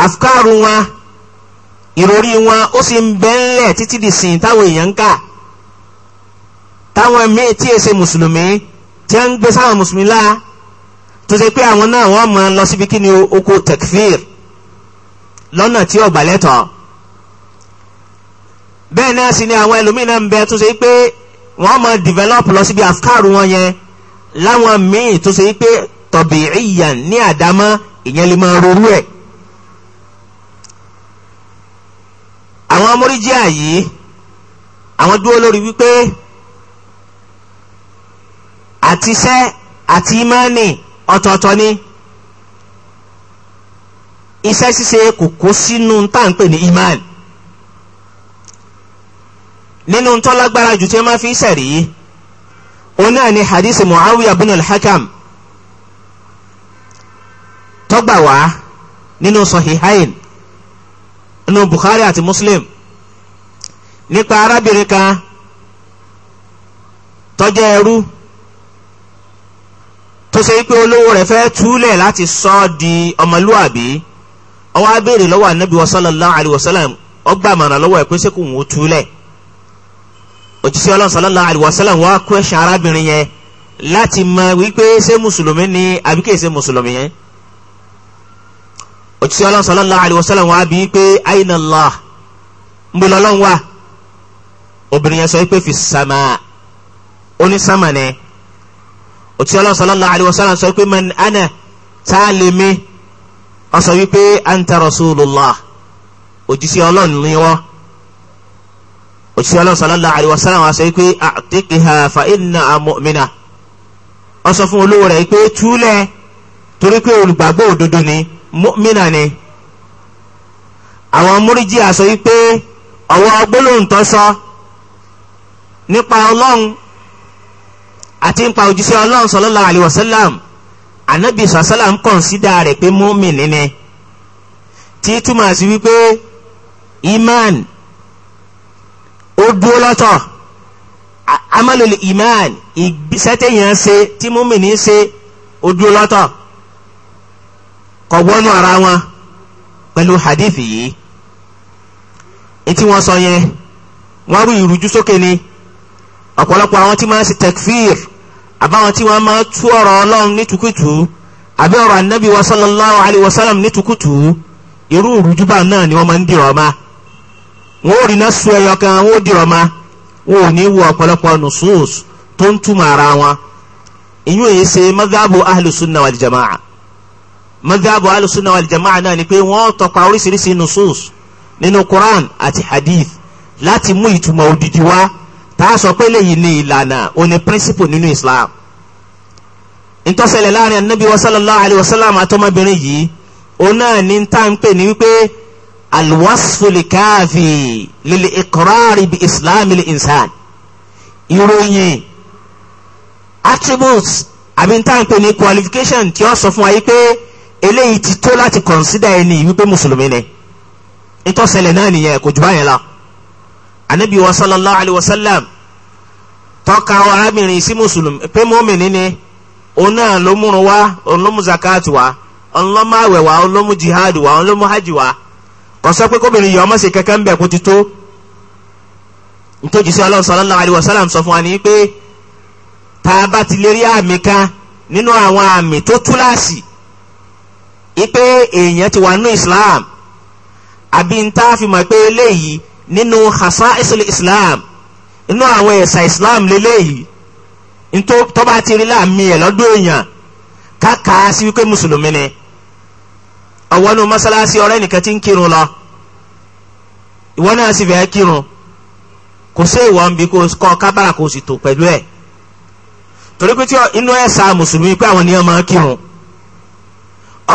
àfikàrù wọn ìròrí wọn ó sì ń bẹ ńlẹ̀ títí di sìn táwọn èèyàn ń kà táwọn míì tí èsè mùsùlùmí tí wọ́n ń gbé sáwọn mùsùlùmí láà tó ṣe pé àwọn náà wọ́n máa lọ síbi kí ni oko tekfir lọ́nà tí ọ̀gbà lẹ́tọ̀ọ́. bẹ́ẹ̀ náà sì ni àwọn ẹlòmíì ń bẹ tó ṣe pé wọ́n mọ develop lọ síbi afkaru wọn yẹn láwọn míì tó ṣe pé tọ̀bì ìyàn ní àdámọ́ ìyẹn lè máa rorú ẹ̀. àwọn amóríjíà yìí àwọn dúró lórí wípé àtisẹ́ àti ìmánì ọ̀tọ̀ọ̀tọ̀ ni iṣẹ́ ṣíṣe kò kó sínú táǹpẹ̀ ní ìmánì. nínú ntọ́lágbára jù tí wọ́n máa fi sẹ̀rí òun náà ni hadith muawiya bin al-hakam tọ́gbà wá nínú sahihain nínú bukhari àti muslim nípa arábìnrin kan tọ́jọ́ ẹrú tó ṣe pé olówó rẹ̀ fẹ́ túlẹ̀ láti sọ ọ́ di ọmọlúwàbí ó wá lọ́wọ́ anabi wa sallallahu alayhi lọ́wọ́ ẹ̀ pé ṣé kò túlẹ̀ òjíṣẹ́ ọlọ́run sallallahu alaihi wasallam wá question arábìnrin yẹn láti mọ wípé ṣé mùsùlùmí ni àbí kìí ṣe mùsùlùmí yẹn òjíṣẹ́ ọlọ́run sallallahu alaihi wasallam wá bí pé aina Allah ń bọ̀ lọ́lọ́run wà obìnrin yẹn sọ wípé fi sàmà oní sàmà ni òjíṣẹ́ ọlọ́run sallallahu alaihi sọ wípé man ana tá a lè mi ọ sọ wípé anta rasulullah òjíṣẹ́ ọlọ́run ni wọ́n òṣìṣẹ́ ọlọ́run sallallahu alaihi wasallam wá sọ pé àtẹ́kìhà fa innaha mu'mina wọ́n sọ fún olówó rẹ̀ pé túlẹ̀ torí pé olùgbàgbọ́ òdodo ni mu'mina ni àwọn múríjì àsọ wípé ọ̀wọ́ gbólóhùn tó sọ nípa ọlọ́run àti nípa òjíṣẹ́ ọlọ́run sallallahu alaihi wasallam ànábì sàlám kọ̀ǹsídà rẹ̀ pé mu'min ni tí túmọ̀ sí wípé iman ó dúró lọ́tọ̀ amalul iman ìgbésẹ́tẹ̀yàn ṣe tí mọ́mìnì ṣe ó dúró lọ́tọ̀ kò wọnú ara wọn pẹ̀lú hadithi yìí etí wọ́n sọ yẹn wọ́n rú ìrújú sókè ni ọ̀pọ̀lọpọ̀ àwọn tí máa ń ṣe tekfir àbáwọn tí wọ́n máa ń tú ọ̀rọ̀ ọlọ́run ní tukutu àbí ọ̀rọ̀ anabi wa sallallahu alayhi wa sallam ní tukutu irú ìrújú báà náà ni wọ́n máa ń dìrọ̀ máa wọn ò rí náà sùn ẹyọ kan wọn ò dìrọ̀ ma wọn ò ní wo ọ̀pọ̀lọpọ̀ nùsùs tó ń túmọ̀ ara wọn ìyún èyí ṣe madhabu ahlùsùn náà wal jamaa madhabu ahlùsùn náà wal jamaa náà ni pé wọ́n tọpa oríṣiríṣi nùsùs nínú Quran àti hadith láti mú ìtumọ̀ òdìdí wá tá a sọ pé lèyí ni ìlànà òní principle nínú Islam ntọ́sẹ̀lẹ̀ láàrin anabi sallallahu alayhi wa sallam àtọmọbìnrin yìí òun náà ní ta ń pè ní wípé alwasfu likaafi lili ikrari bi islami li insan ìròyìn attributes àbí n táwọn pè ní qualification tí ó sọ fún wa yìí pé eléyìí ti tó láti consider ẹni wípé mùsùlùmí ni ìtọ́sẹ̀lẹ̀ náà nìyẹn kò jù báyẹn lọ anabi wa sallallahu alayhi wa sallam tọ́ka arábìnrin sí mùsùlùmí pé mọ́mìnì ni òun náà ló múrun wá òun ló mú zakati wá òun ló mú àwẹ̀ wá òun ló mú jihad wá òun ló mú hajj wá wọ́n sọ pé kóbìnrin yìí ọmọ sì kẹ́kẹ́ ń bẹ̀ kó ti tó nítorí sí ọlọ́run sallallahu alaihi wasallam sọ fún wa ní pé tá a bá ti lè rí àmì kan nínú àwọn àmì tó túláàsì ipe èèyàn ti wà nínú Islam àbí n tá a fi mọ̀ pé eléyìí nínú khasaisul Islam nínú àwọn ẹ̀sà Islam lélẹ́yìí nítorí tó bá ti rí láàmì ẹ̀ lọ́dún èèyàn káàkiri sí wípé mùsùlùmí ni àwọn nu mọ́sálásí ọ̀rẹ́ nìkan ti ń kírun lọ ìwọ náà sì fẹ́ kírun kò sí ìwọ ń bi kó kọ́ kábàrà kó sì tó pẹ̀lú ẹ̀ torí pé tí inú ẹ̀ sa mùsùlùmí pé àwọn ènìyàn máa ń kírun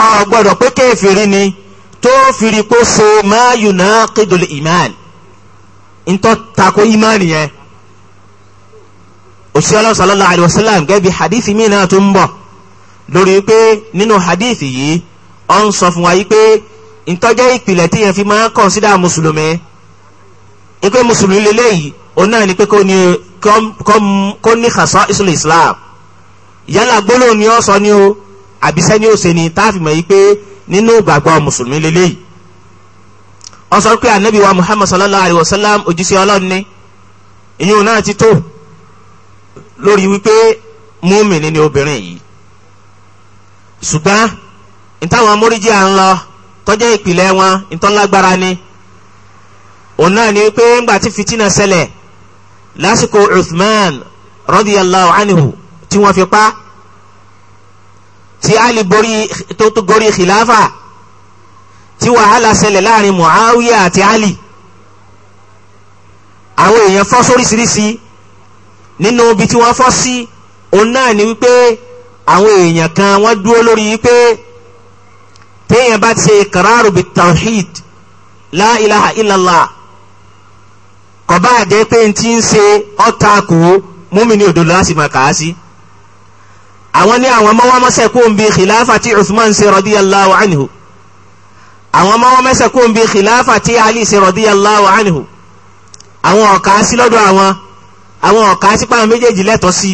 ọ gbọ́dọ̀ pé kéèfèrí ni tó fìrí kó so máa yùnà kédolè ìmáàn ntọ́ tako ìmáàn yẹn òṣìṣẹ́ ọlọ́run sallallahu alayhi gẹ́gẹ́ bí hadith mi náà tó ń bọ̀ lórí pé nínú hadith yìí ọ ń sọ fún wa yìí pé ntọ́jẹ́ ìpìlẹ̀ tí yẹn fi máa ń kọ̀nsídà mùsùlùmí ipe mùsùlùmí lélẹ́yìí òun náà ni pé kó ní kó ní xasọ́ isul islam yálà gbólóhùn ni ó sọ ni o àbísẹ́ ni ó ṣe ni táàfin mọ̀ yìí pé nínú ìgbàgbọ́ mùsùlùmí lélẹ́yìí ó sọ pé anabi wa muhammad sallallahu alayhi wa sallam òjíṣẹ́ ọlọ́run ni ìyóò náà ti tó lórí wípé múmi ni obìnrin yìí ṣùgbọ́n ntáwọn móríjì à ń lọ tọ́jẹ́ ìpìlẹ̀ wọn ntọ́lágbára ni òun náà ni wípé ńgbà tí fitina ṣẹlẹ̀ lásìkò Uthman radiyallahu anhu tí wọ́n fi pa tí Ali borí tó tó gorí khilafa tí wàhálà ṣẹlẹ̀ láàrin Muawiya àti Ali àwọn èèyàn fọ́ sóríṣiríṣi nínú ibi tí wọ́n fọ́ sí òun náà ni wípé àwọn èèyàn kan wọ́n dúró lórí wípé téèyàn bá ti ṣe ìkàràrù bíi tawhid la ilaha illallah kọba àjẹ pé n ti ń ṣe ọta kù múmini òdodo láti mà kàá sí. àwọn ní àwọn mọ́wámọ́sẹ̀ kó ń bi khilafa ti Uthman ṣe radiyallahu anhu àwọn mọ́wámọ́sẹ̀ kó ń bi khilafa Ali ṣe radiyallahu anhu àwọn ọ̀ka sí lọ́dọ̀ àwọn àwọn ọ̀ka sí pàmò méjèèjì lẹ́tọ̀ọ́ sí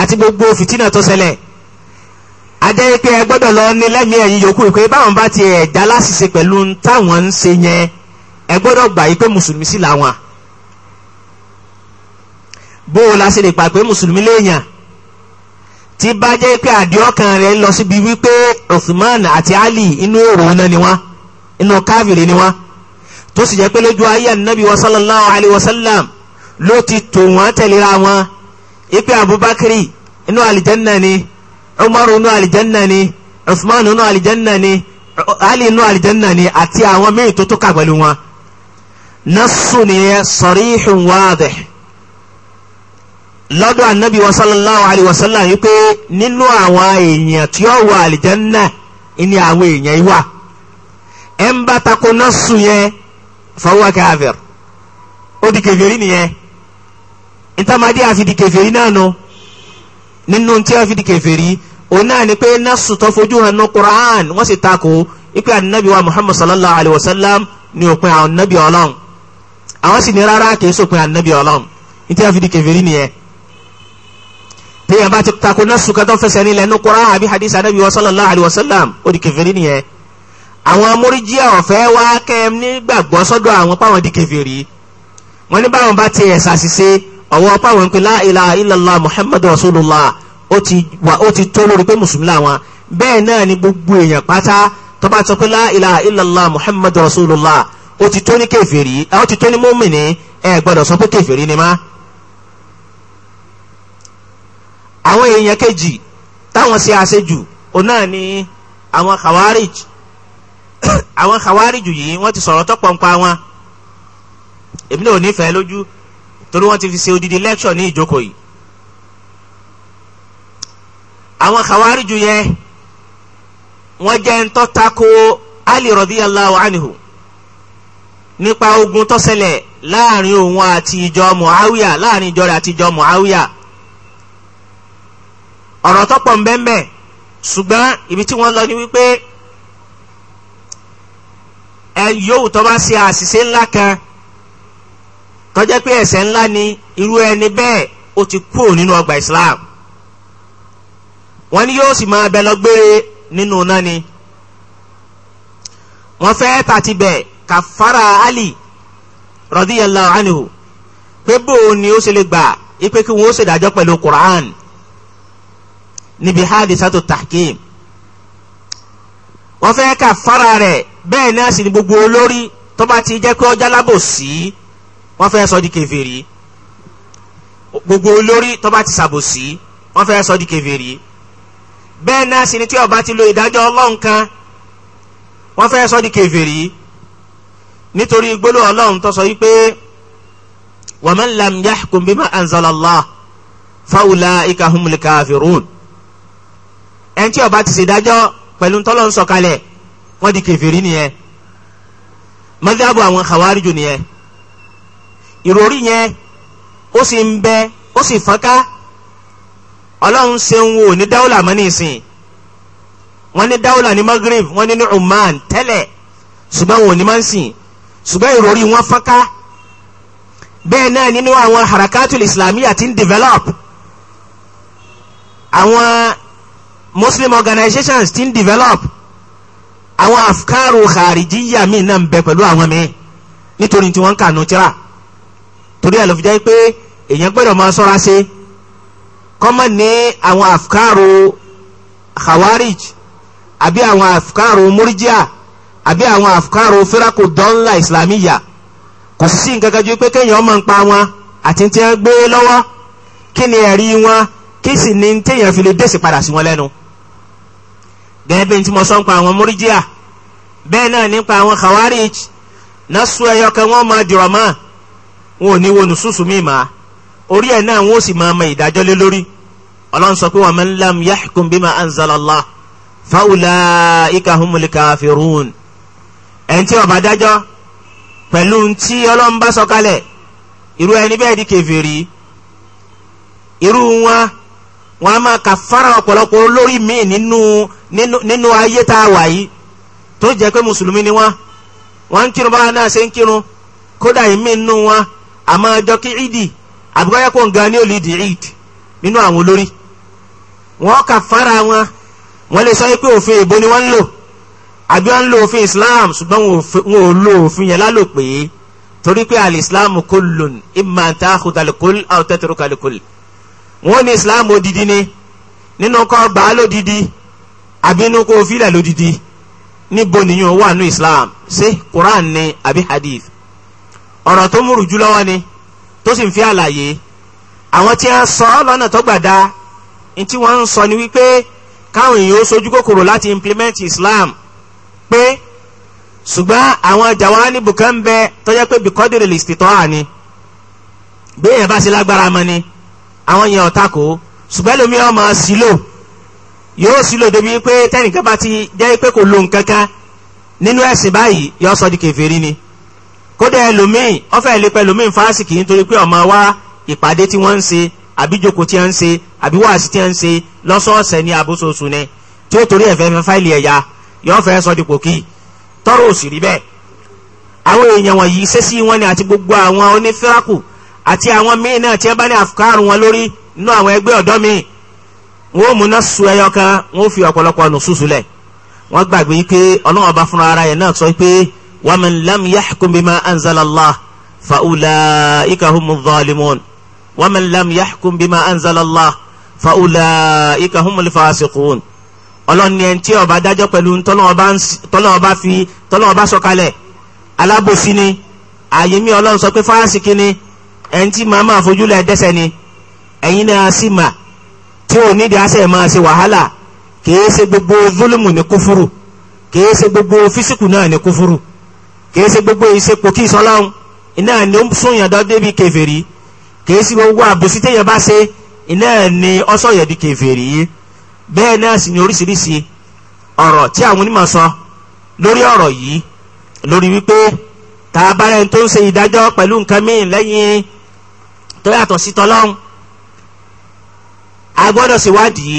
àti gbogbo fìtínà tó ṣẹlẹ̀ ajẹ́ pé ẹ gbọ́dọ̀ lọ ní lẹ́mìí ẹ̀yin yòókù pé báwọn bá ti ẹ̀dá láṣìṣe pẹ̀lú táwọn ń ṣe yẹn ẹ gbọ́dọ̀ gbà yí pé mùsùlùmí sì làwọn. bó o la ṣe lè pa pé mùsùlùmí léèyàn tí bá jẹ́ pé àdìọ́kàn rẹ̀ ń lọ síbi wípé Uthman àti Ali inú èrò náà ni wọ́n inú káfìrí ni wọ́n tó sì jẹ́ pé lójú ayé ànábì wa sallallahu alayhi wa sallam ló ti tò wọ́n tẹ̀léra wọn ipe Abubakar inú àlìjẹ́nnà ni. Umar nù àlìjẹ́nà ni Usman nù àlìjẹ́nà ni Ali nù àlìjẹ́nà ni àti àwọn míì tó tó kà pẹ̀lú wọn. nasu nìyẹn sarihun wadih lọ́dọ̀ anabi wa sallallahu alayhi wa sallam wípé nínú àwọn èèyàn tí ó wọ àlìjẹ́nà ni àwọn èèyàn yìí wà ẹ̀ ń bá tako nasu yẹn fahuwa kafir ó di kèfèrí nìyẹn ntamadi àfi di kèfèrí náà nù nínú tí a fi di kèfèrí òun náà ni pé násù tó fojú hàn ní Qur'an wọ́n sì takò ipe ànábì wa Muhammad sallallahu alayhi wa sallam ni òpin àwọn ànábì ọlọ́run àwọn sì ní rárá kìí sòpin ànábì ọlọ́run nítorí àfi di kèfèrí nìyẹn téèyàn bá ti takò násù kan tó fẹsẹ̀ nílẹ̀ ní Qur'an àbí hadith ànábì wa sallallahu alayhi wa sallam ó di kèfèrí nìyẹn àwọn amóríjíà ọ̀fẹ́ wá kẹ́m nígbàgbọ́ sọ́dọ̀ àwọn páwọn di kèfèrí wọ́n ní báwọn bá ti ẹ̀ sàṣìṣe ọ̀wọ́ páwọn ń pè la ilaha rasulullah ó ti wà ó ti tó lórí pé mùsùlùmí làwọn bẹ́ẹ̀ náà ni gbogbo èèyàn pátá tó bá sọ pé la ilaha illallah muhammadu rasulullah ó ti tó ní kèfèrí ó ti tó ní mùmínì ẹ gbọ́dọ̀ sọ pé kèfèrí ni má. àwọn èèyàn kejì táwọn ṣe àṣejù òun náà ni àwọn khawarij (coughs) àwọn khawariju yìí wọ́n ti sọ̀rọ̀ tọ́pọ̀ wọn èmi náà ò nífẹ̀ẹ́ lójú torí wọ́n ti fi ṣe odidi lecture ní ìjókòó yìí àwọn khawariju yẹn wọ́n jẹ́ ń tọ́tako ali radiyallahu anhu nípa ogun tó ṣẹlẹ̀ láàrin òun àti ìjọ muawiya láàrin ìjọ rẹ̀ àti ìjọ muawiya ọ̀rọ̀ tó pọ̀ nbẹ́nbẹ́ ṣùgbọ́n ibi tí wọ́n lọ ni wípé ẹ yóò tó bá ṣe àṣìṣe ńlá kan tó pé ẹ̀ṣẹ̀ ńlá ni irú ẹni bẹ́ẹ̀ ó ti kúrò nínú ọgbà islam wọ́n ní yóò sì máa bẹ lọ́gbére nínú náà ni wọ́n fẹ́ tàtibẹ̀ kàfàrà ali radiyallahu anhu pé bóun ni ó ṣe lè gbà ipe kí wọ́n ó ṣèdájọ́ pẹ̀lú Qur'an níbi hadisatu tahkim wọ́n fẹ́ kàfàrà rẹ̀ bẹ́ẹ̀ náà sì ni gbogbo olórí tó bá ti jẹ́ pé ọjà lábòsí wọ́n fẹ́ sọ di kèfèrí gbogbo olórí tó bá ti ṣàbòsí wọ́n fẹ́ sọ di kèfèrí bẹ́ẹ̀ náà sì ni tí ó bá ti lo ìdájọ́ ọlọ́run kan wọ́n fẹ́ sọ di kèfèrí nítorí gbólóhùn ọlọ́run tó sọ yìí pé wa man lam yahkum bima anzalallah fa ulaika humul kafirun ẹni tí ó bá ti ṣèdájọ́ pẹ̀lú tọ́lọ́run sọ̀kalẹ̀ wọ́n di kèfèrí nìyẹn madhabu àwọn khawariju nìyẹn ìròrí yẹn ó sì ń bẹ ó sì fọ́nká ọlọ́run ṣeun wo ní dáwùlà mọ́ nísìn wọ́n ní dáwùlà ní Maghrib wọ́n ní ní Oman tẹ́lẹ̀ ṣùgbọ́n wọn ò ní máa ń sìn ṣùgbọ́n ìròrí wọn fọ́nká bẹ́ẹ̀ náà nínú àwọn harakatul islamiyya ti ń develop àwọn muslim organizations ti ń develop àwọn afkaru kharijiyya míì náà ń bẹ pẹ̀lú àwọn míì nítorí tí wọ́n ń kà nù tíra torí ẹ̀ fi jẹ́ pé èèyàn gbọ́dọ̀ máa ṣọ́ra ṣe kọ́mọ̀ ní àwọn afkaaro khawarij àbí àwọn afkaaro murjia àbí àwọn afkaaro firako dọ́nla islamiyya kò sí sí nǹkan kan ju pé kéèyàn máa ń pa wọn àti tí wọ́n gbé lọ́wọ́ kí ni ẹ̀rí wọn kí sì ni téèyàn fi lè dẹ́sì padà sí wọn lẹ́nu gẹ́gẹ́ bí n tí mo sọ ń pa àwọn murjia bẹ́ẹ̀ náà nípa àwọn khawarij nasu ẹyọ kan wọ́n máa dìrọ̀ mọ́ wọn ò ní wo nùsùsù máa orí ẹ̀ náà wọ́n sì máa ma ìdájọ́ lé lórí ọlọ́run sọ pé wa man lam yahkum bima anzala Allah fa ulaika humul kafirun ẹni tí ó bá dájọ́ pẹ̀lú ntí ọlọ́run bá sọ kalẹ̀ irú ẹni bẹ́ẹ̀ di kèfèrí irú wọn wọn a máa kàfàrà ọ̀pọ̀lọpọ̀ lórí míì nínú nínú ayé tá a wà yìí tó jẹ́ pé mùsùlùmí ni wọn wọn ń kírun báwa náà ṣe ń kírun kódà ìmí nínú wọn àmọ́ ọjọ́ kí ìdí àbúbáyá pọ̀ nǹkan ní ó lead eid nínú àwọn olórí wọ́n kà fara wọn wọ́n lè sọ pé òfin èbó ni wọ́n ń lò àbí wọ́n ń lo òfin islam ṣùgbọ́n wọn ò lo òfin yẹn lálòpé torí pé al-islam kullun imma ta'khudha al-kull aw tatruka al-kull wọ́n ní islam odidi ni nínú kọ́ gbàá lódidi àbí inú kó fílẹ̀ lódidi níbo nìyẹn wà nù islam ṣé quran ni àbí hadith ọ̀rọ̀ tó múrù jùlọ wá ni tó sì ń fi àlàyé àwọn tí wọ́n sọ ọ́ lọ́nà tó gbàdá ní tí wọ́n ń sọ ni wípé káwọn èèyàn ó sojú kòkòrò láti implement Islam pé ṣùgbọ́n àwọn jawani bùkán bẹ tó jẹ́ pé bìkọ́dìrì lìsìtì tọ́ à ni bí èèyàn bá ṣe lágbára mọ́ ni àwọn yẹn ọ̀tá kò ṣùgbọ́n lómi ọmọ sílò yóò sílò débi pé tẹ́nìkan bá ti jẹ́ pé kò lo nǹkan kan nínú ẹ̀sìn báyìí yóò sọ di kèfèrí ni kódà ẹlòmíì ọfẹ ìlépa ẹlòmíì fásitì nítorí pé ọmọ wa ìpàdé tí wọ́n ń ṣe àbíjoko tí wọ́n ń ṣe àbíwáàsí tí wọ́n ń ṣe lọ́sọ̀ọ̀sẹ̀ ní abóṣooṣù ni tí ó torí ẹ̀fẹ́ fẹ́ fáìlì ẹ̀yà yóò fẹ́ sọ dípò kí tọrọ òsì rí bẹ́ẹ̀ àwọn èèyàn wọ̀nyí ṣẹ́sí wọn ni àti gbogbo àwọn onífẹ́rakù àti àwọn míì náà tí wọ́n bá ní àfikàrùn wọn lórí inú àwọn ẹgbẹ́ ọ̀dọ́ míì wọn ò múná su ẹyọ kan wọn ò fi ọ̀pọ̀lọpọ̀ nù sùsù ومن لم يحكم بما أنزل الله فأولئك هم الظالمون ومن لم يحكم بما أنزل الله فأولئك هم الفاسقون ọlọ́ni ẹni tí ó bá dájọ́ pẹ̀lú tọ́lọ́wọ́ bá fi tọ́lọ́wọ́ bá sọ̀kalẹ̀ alábòsí ni àyèmí ọlọ́run sọ pé fásìkí ni ẹni tí màá máa fojú lẹ̀ dẹ́sẹ̀ ni ẹ̀yin náà sì mà tí ò nídìí àṣẹ máa ṣe wàhálà kìí ṣe gbogbo fúlùmù ní kúfúrù kìí ṣe gbogbo físíkù náà ní kúfúrù kìí ṣe gbogbo ìṣepò kí ìsọláhùn iná ni ó ń sún yàn dán débi kèfèrí kìí ṣe gbogbo àbòsí téèyàn bá ṣe iná ni ó sọ yàn di kèfèrí bẹ́ẹ̀ náà sì ni oríṣiríṣi ọ̀rọ̀ tí àwọn onímọ̀ sọ lórí ọ̀rọ̀ yìí lórí wípé tá a bá rẹ̀ tó ń ṣe ìdájọ́ pẹ̀lú nǹkan míì lẹ́yìn tó yàtọ̀ sí tọ́lọ́hún a gbọ́dọ̀ ṣèwádìí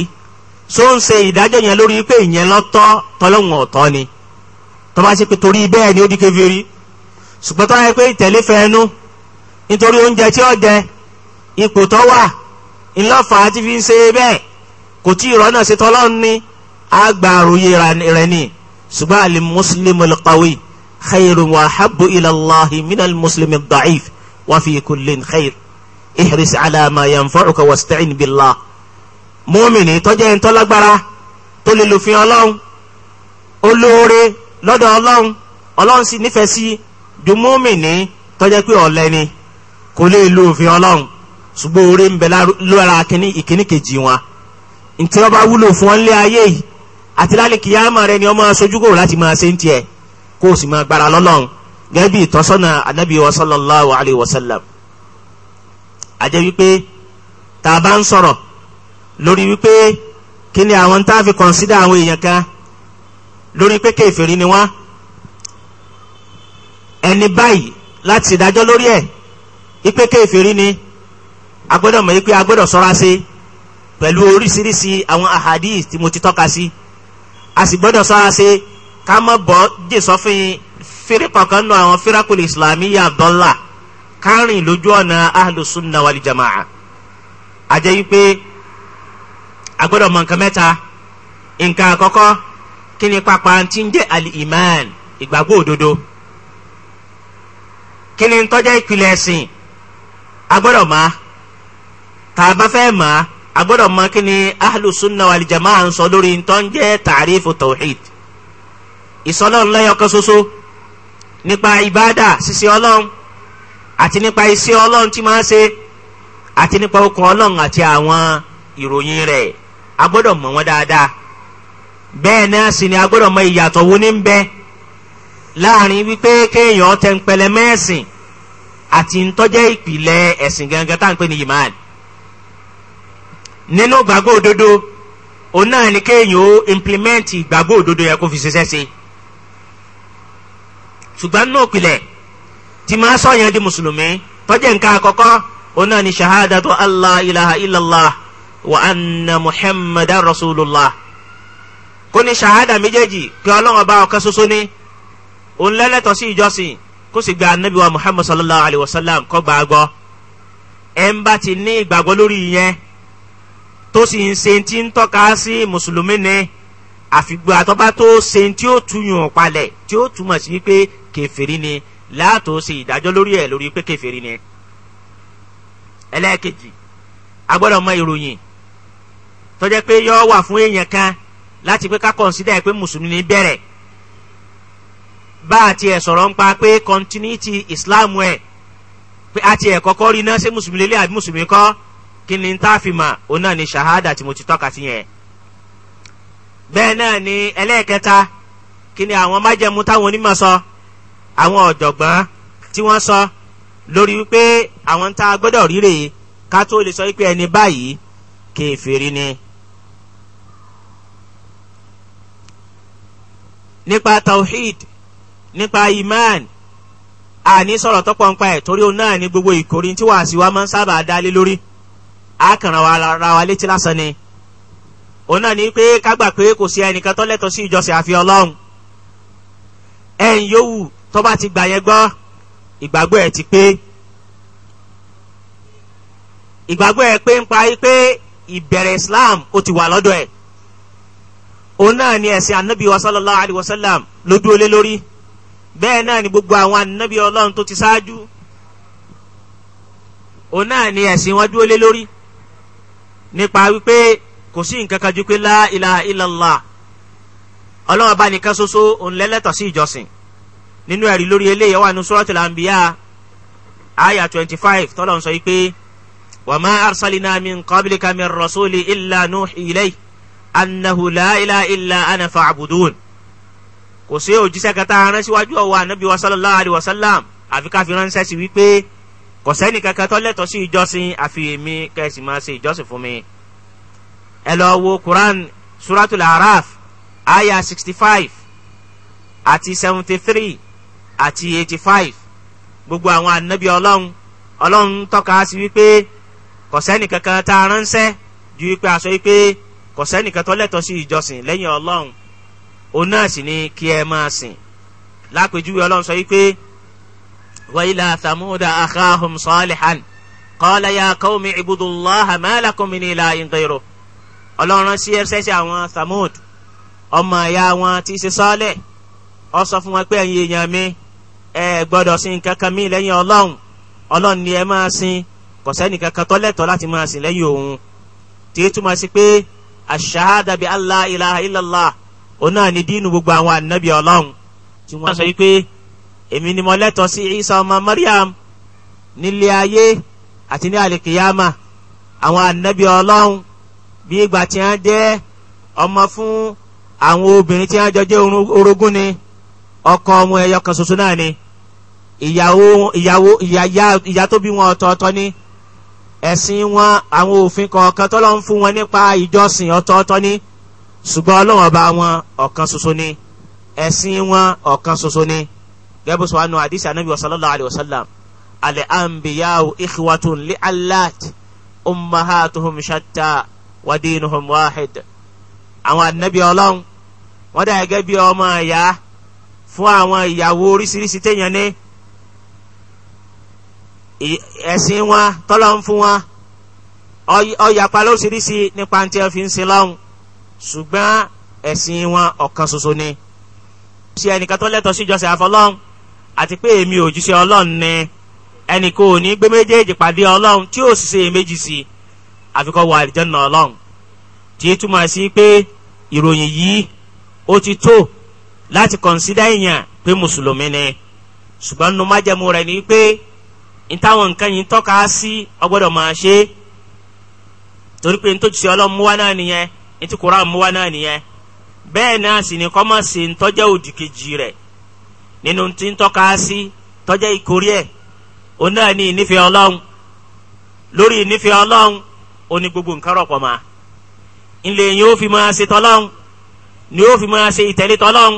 tó ń ṣe ìdájọ́ yẹn lórí wípé ìyẹn lọ́tọ̀ tọ́lọ́hún ọ̀tọ̀ ni tó bá ṣe pé torí bẹ́ẹ̀ ni ó di kèfèrí ṣùgbọ́n tó yẹ pé ìtẹ̀lé fẹ́ ẹnu nítorí oúnjẹ tí ó jẹ ipò tó wà ńlọ́fà ti fi ń ṣe bẹ́ẹ̀ kò tí ìrọ́ náà ṣe tọ́lọ́run ní agbàròyé rẹ̀ ni ṣùgbọ́n àlè mùsùlùmí al-qawi khayrun wa habbu ila Allahi min al-mùsùlùmí ad-da'if wa fi kullin khayr ihris ala ma yanfa'uka wasta'in mọ́mìnì tọ́jú ẹ̀ ń tọ́lágbára tó lè lòfin ọlọ́run olóore lọ́dọ̀ ọlọ́run ọlọ́run sì nífẹ̀ẹ́ sí ju mùmínì tó pé ni kò lè lo òfin ọlọ́run ṣùgbọ́n oore ń bẹ lára ìkíní kejì wọn ntí wọ́n wúlò fún ọ́n ayé yìí àti rẹ ni ọmọ aṣojú kò láti máa ṣe o sì máa gbára lọ́lọ́run gẹ́gẹ́ bí ìtọ́sọ́nà anábì wa alayhi wa sallam àjẹ́ wípé tá a bá ń sọ̀rọ̀ lórí wípé kí ni àwọn tá a fi àwọn èèyàn kan lórí pé kèfèrí ni wọ́n ẹni báyìí láti dájọ́ lórí ẹ̀ ipe kèfèrí ni agbọ́dọ̀ mọ̀ ipe agbọ́dọ̀ ṣọ́ra sí pẹ̀lú oríṣiríṣi àwọn ahadith tí mo ti tọ́ka sí a sì gbọ́dọ̀ ṣọ́ra sí ká má bọ́ jésọ́fin fírikọ̀kan nù àwọn fírakùlù islamiyya dọ́là kárìn lójú ọ̀nà ahlùsùnà wàlí jama'a àjẹ́ yí pé agbọ́dọ̀ mọ̀ nǹkan mẹ́ta nǹkan àkọ́kọ́ kí ni pápá ti ń jẹ́ al-iman ìgbàgbọ́ òdodo kí ni tọ́jà ìpìlẹ̀ ẹ̀sìn ma gbọ́dọ̀ mọ̀ tá a bá fẹ́ mọ̀ a gbọ́dọ̀ mọ̀ kí ni ahlu sunna wal jamaa ń sọ lórí tó ń jẹ́ tàrífù tawhid ìsọlọ́ọ̀lẹ́yọ̀kan ṣoṣo nípa ìbáàdà ṣíṣe ọlọ́run àti nípa iṣẹ́ ọlọ́run tí máa ń ṣe àti nípa okùn ọlọ́run àti àwọn ìròyìn rẹ̀ a bẹ́ẹ̀ náà sì ni a gbọ́dọ̀ mọ ìyàtọ̀ wo ní bẹ láàrin wípé kéèyàn tẹnpẹlẹ mẹ́sìn àti ntọ́jẹ́ ìpìlẹ̀ ẹ̀sìn gangan tá à ń pè ní imán nínú gbàgbọ́ òdodo òun náà ni kéèyàn ó implement ìgbàgbọ́ òdodo yẹ kó fi ṣiṣẹ́ ṣe ṣùgbọ́n nínú ìpìlẹ̀ tí máa sọ yẹn di mùsùlùmí tọ́jẹ́ nǹkan àkọ́kọ́ òun náà ni shahadatu allah ilaha illallah wa anna muhammadan rasulullah kó ní ṣahada méjèèjì pé ọlọ́run ọba ọ̀kan ṣoṣo ní òun lẹ́lẹ́tọ̀ sí ìjọsìn kó sì gba anabi wa muhammad sallallahu alayhi wa sallam kọ́ gbà á gbọ́ ẹ̀ ń bá ti ní ìgbàgbọ́ lórí yẹn tó sì ń ṣe ti ń tọ́ka sí mùsùlùmí ni àfìgbà àtọ́bá tó ṣe tí ó tuyùn palẹ̀ tí ó túmọ̀ sí pé kèfèrí ni láàtò ṣe ìdájọ́ lórí ẹ̀ lórí pé kèfèrí ni ẹlẹ́ẹ̀kejì agbọ́dọ̀ mọ ìròyìn tó pé yọ wà fún èèyàn kan láti pé ká kọ̀nsídà pé mùsùlùmí ní bẹ̀rẹ̀ bá a tiẹ̀ sọ̀rọ̀ ń pa pé continuity islam ẹ̀ pé a tiẹ̀ kọ́kọ́ rí iná ṣé mùsùlùmí lélẹ̀ àbí mùsùlùmí kọ́ kí ni tá a fi mà òun náà ni shahada tí mo ti tọ́ka sí yẹn bẹ́ẹ̀ náà ni ẹlẹ́ẹ̀kẹta kí ni àwọn májẹ̀mú táwọn onímọ̀ sọ àwọn ọ̀jọ̀gbọ́n tí wọ́n sọ lórí wípé àwọn tá a gbọ́dọ̀ ríre ká tó lè sọ wípé ẹni báyìí kèfèrí ni. nípa tawhid nípa iman àní sọ̀rọ̀ tọ́pọ̀ ń pa ẹ̀ torí òun náà ni gbogbo ìkórin tí wàásù wa máa ń sábà dálé lórí àkànràn ara wa létí lásán ni òun náà ni pé ká gbà pé kò sí ẹnìkan tó lẹ́tọ̀ọ́ sí ìjọsìn àfi Ọlọ́run ẹ̀yìn yòówù tó bá ti gbà yẹn gbọ́ ìgbàgbọ́ ẹ̀ ti pé ìgbàgbọ́ ẹ̀ pé ń parí pé ìbẹ̀rẹ̀ Islam ó ti wà lọ́dọ̀ ẹ̀ òun náà ni ẹ̀sìn anabi wa sallallahu alayhi wa sallam ló dúró lé lórí bẹ́ẹ̀ náà ni gbogbo àwọn anabi ọlọ́run tó ti ṣáájú òun náà ni ẹ̀sìn wọn dúró lé lórí nípa wípé kò sí nǹkan kan ju pé la ilaha illallah ọlọ́run ọba nìkan ṣoṣo òun lẹ́lẹ́tọ̀ sí ìjọsìn nínú ẹ̀rí lórí eléyìí wà ní suratul anbiya aya twenty five tọ́lọ́run sọ yìí pé wa ma arsalina min qablika min rasuli illa nuhi annahu la ilaha illa ana fa'budun kò sí òjíṣẹ́ kẹta aràn síwájú ọ̀wọ́ anabi wa sallallahu alayhi wa sallam àfi káfi ránṣẹ́ sí wípé kò sẹ́ni kankan tó lẹ́tọ̀ọ́ sí ìjọsìn àfi èmi kẹ́sì máa ṣe ìjọsìn fún mi. ẹ lọ wo quran suratul araf aya sixty five àti seventy three àti eighty five gbogbo àwọn anabi ọlọ́run ọlọ́run tọ́ka sí wípé kò sẹ́ni kankan tá a ránṣẹ́ ju wípé a wípé kò sẹ́nìkan tó lẹ́tọ̀ọ́ sí ìjọsìn lẹ́yìn ọlọ́run òun náà sì ni kí ẹ máa sìn lápèjúwe ọlọ́run sọ wípé wa ila thamuda akhahum salihan qala ya qawmi ibudullaha ma lakum min ilahin ghayruh ọlọ́run sí ẹsẹ̀ sí àwọn thamud ọmọ ìyá wọn tí ṣe sọ́ọ̀lẹ̀ ọ sọ fún wọn pé ẹ̀yin èèyàn mi ẹ gbọ́dọ̀ sin nǹkan kan mí lẹ́yìn ọlọ́run ni ẹ máa sin kò sẹ́nìkan kan láti máa sin lẹ́yìn òun tí í túmọ̀ sí pé ashahada bi allah ilaha illallah ona ni diinu gbogbo àwọn anabi Ọlọ́run tí wọ́n sọ wípé èmi ni mo lẹ́tọ̀ọ́ sí isa ọmọ mariam nílé ayé àti ní alikiyama àwọn anabi Ọlọ́run bí ìgbà tí wọ́n jẹ́ ọmọ fún àwọn obìnrin tí wọ́n jọ jẹ́ ni ọkọ ọmọ ẹyọ kan ṣoṣo náà ni ìyàwó ìyàwó ìyá tó wọn ọ̀tọ̀ọ̀tọ̀ ni ẹ̀sìn wọn àwọn òfin kọ̀ọ̀kan tọ́lọ́ ń fún wọn nípa ìjọsìn ọ̀tọ̀ọ̀tọ̀ ni ṣùgbọ́n ọlọ́run ọba wọn ọ̀kan ṣoṣo ni ẹ̀sìn wọn ọ̀kan ṣoṣo ni gẹ́gẹ́ bó sọ wánú àdìsí anábì sallallahu alayhi wa sallam alẹ́ anbiyaahu ikhwatun li Allah ummahatuhum shatta wa àwọn anábì ọlọ́run wọ́n dà gẹ́gẹ́ bí ọmọ ìyá ẹ̀sìn wọn tọ́lọ́ ń fún wọn ọ̀yàpá lóṣìṣì nípa tí wọ́n fi ń sin lọ́hùn ṣùgbọ́n ẹ̀sìn wọn ọ̀kan ṣoṣo ni. ṣe ẹnìkan tó lẹ́tọ̀ọ́ sí ìjọsìn àfọlọ́hún àti pé èmi òjíṣẹ́ ọlọ́run ni ẹnì kò ní gbé méjèèjì pàdé ọlọ́run tí ó sì ṣe méjì sí i àfikọ́ wọ àlìjẹ́nà ọlọ́run tí ó túmọ̀ sí pé ìròyìn yìí ó ti tó láti kọ̀ǹsídà èèyàn pé mùsùlùmí ni ṣùgbọ́n nu májẹ̀mú rẹ̀ ni pé ntáwọn nǹkan yìí tọ́ka sí ọgbọ́dọ̀ máa ṣe é torí pé ntòjúṣe ọlọ́run mú wá náà nìyẹn ntí Kùránì mú wá náà nìyẹn bẹ́ẹ̀ náà sì ni kọ́ máa ṣe ntọ́jẹ́ òdì kejì rẹ̀ nínú ti ń tọ́ka sí tọ́jẹ́ ìkórí ẹ̀ òun náà ní ìnífẹ̀ẹ́ ọlọ́run lórí ìnífẹ̀ẹ́ ọlọ́run ó ní gbogbo nǹkan rọ̀ pọ̀ mọ́ ńlẹ̀ yìí ó fi máa ṣe tọ́lọ́run ni ó fi máa ṣe ìtẹ̀lé tọ́lọ́run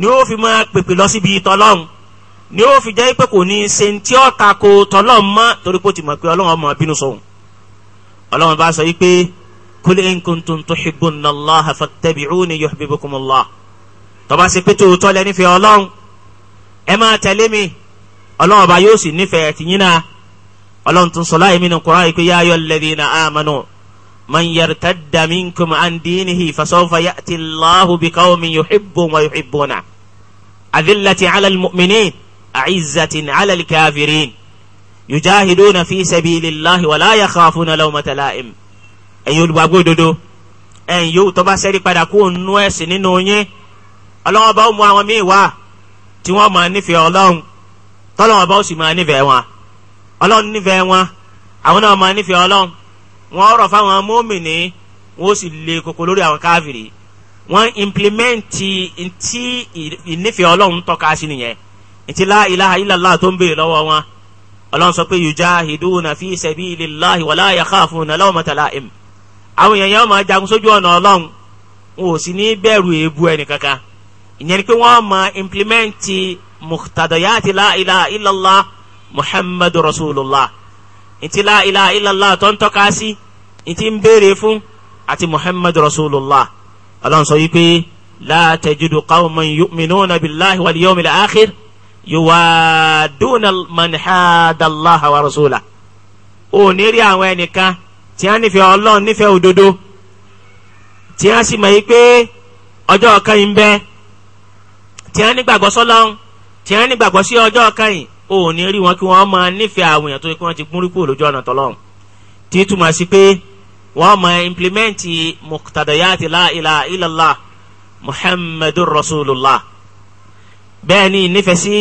ni ó fi máa pèpè lọ síbi tọ́lọ́run ni ó fi jẹ́ pé kò ní ṣe ń tí ó ta ko tọ́lọ́n mọ́ torí pé ó ti mọ̀ pé ọlọ́run ọmọ bínú sọ̀hún ọlọ́run bá sọ wípé qul in kuntum tuhibbuna Allaha fattabi'uni yuhbibkumu Allah tó bá ṣe pé tòótọ́ lẹ nífẹ̀ẹ́ ọlọ́run ẹ máa tẹ̀lé mi ọlọ́run ọba yóò sì nífẹ̀ẹ́ tìyín náà ọlọ́run tún sọ láì mí nínú pé ya ayyuhal aizzatin alal kafirin yujahiduna fi sabilillahi wala yakhafuna lawmata la'im ẹ̀yin olùgbàgbọ́ òdodo ẹ̀yin yóò tọ́ bá sẹ́rí padà kó nú ẹ̀sìn nínú yín ọlọ́wọ́n bá mú àwọn míì wá tí wọ́n máa nífẹ̀ẹ́ ọlọ́run tọ́lọ́wọ́n bá sì máa nífẹ̀ẹ́ wọn ọlọ́run nífẹ̀ẹ́ wọn àwọn náà máa nífẹ̀ẹ́ ọlọ́run wọ́n rọ̀ fáwọn mọ́mìnì wọ́n sì le koko lórí àwọn káfìrí wọ́n implimẹ́ǹtì ntí ìnífẹ̀ẹ́ ọlọ́run tọ́ka sí nìyẹn ètí la ilaha illallah tó ń bèè lọ́wọ́ wọn ọlọ́run sọ pé yujahiduna fi sabilillahi wala yakhafuna lawmata la'im àwọn èèyàn yẹn máa jagun sójú ọ̀nà ọlọ́run wọn ò sì ní bẹ̀rù èébú ẹnì kankan ìyẹn ni pé wọ́n máa implement muqtadayati la ilaha illallah muhammadu rasulillah ìtí la ilaha illallah tó ń tọ́ka sí ìtí ń béèrè fún àti muhammadu rasulillah ọlọ́run sọ yìí pé la tajidu qawman yu'minuna billahi wal yawmil akhir yuwaduna man hadallaha wa rasulahu ò ní rí àwọn ẹnìkan tí wọ́n nífẹ̀ẹ́ Ọlọ́run nífẹ̀ẹ́ òdodo tí wọ́n sì mọ̀ yìí pé ọjọ́ kan yìí ń bẹ tí wọ́n nígbàgbọ́ sọ́lọ́run tí wọ́n nígbàgbọ́ sí ọjọ́ kan yìí ò ní rí wọn kí wọ́n máa nífẹ̀ẹ́ àwọn èèyàn tó kí wọ́n ti gúnrí kúrò lójú ọ̀nà tọ́lọ́run tí túmọ̀ sí pé wọ́n máa implimenti muqtadayati ilaha illallah muhammadur rasulullah bẹ́ẹ̀ ni nífẹ̀ẹ́ sí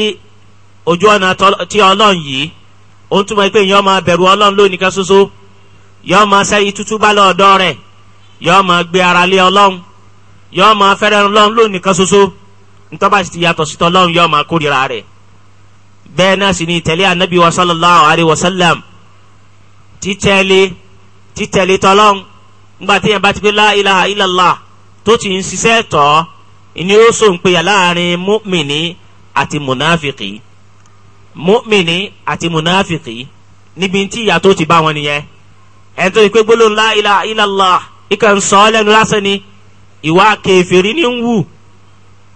ojú ọ̀nà tí ọlọ́run yìí ó ń túmọ̀ pé yọ́n máa bẹ̀rù ọlọ́run lónìí kan ṣoṣo yọ́n máa sẹ́yìn tútú bá lọ́ọ̀dọ́ rẹ̀ yọ́n máa gbé ara lé ọlọ́run yọ́n máa fẹ́rẹ̀ ọlọ́run lónìí kan ṣoṣo ntọ́ba sì ti yàtọ̀ sí tọ́lọ́run yọ́n máa kórìíra rẹ̀ bẹ́ẹ̀ náà sì ni ìtẹ̀lé anabi wa sallallahu alayhi wa ìní ó so npeyà laarin mọ́mìnì ati mùnáfìkì mọ́mìnì ati mùnáfìkì níbi tí ìyàtọ̀ ti bá wọn ni ẹni tó ti pé gbólóhùn la ilaha illallah ìkà ń sọ lásán ni ìwà kèfèrí ni ń wù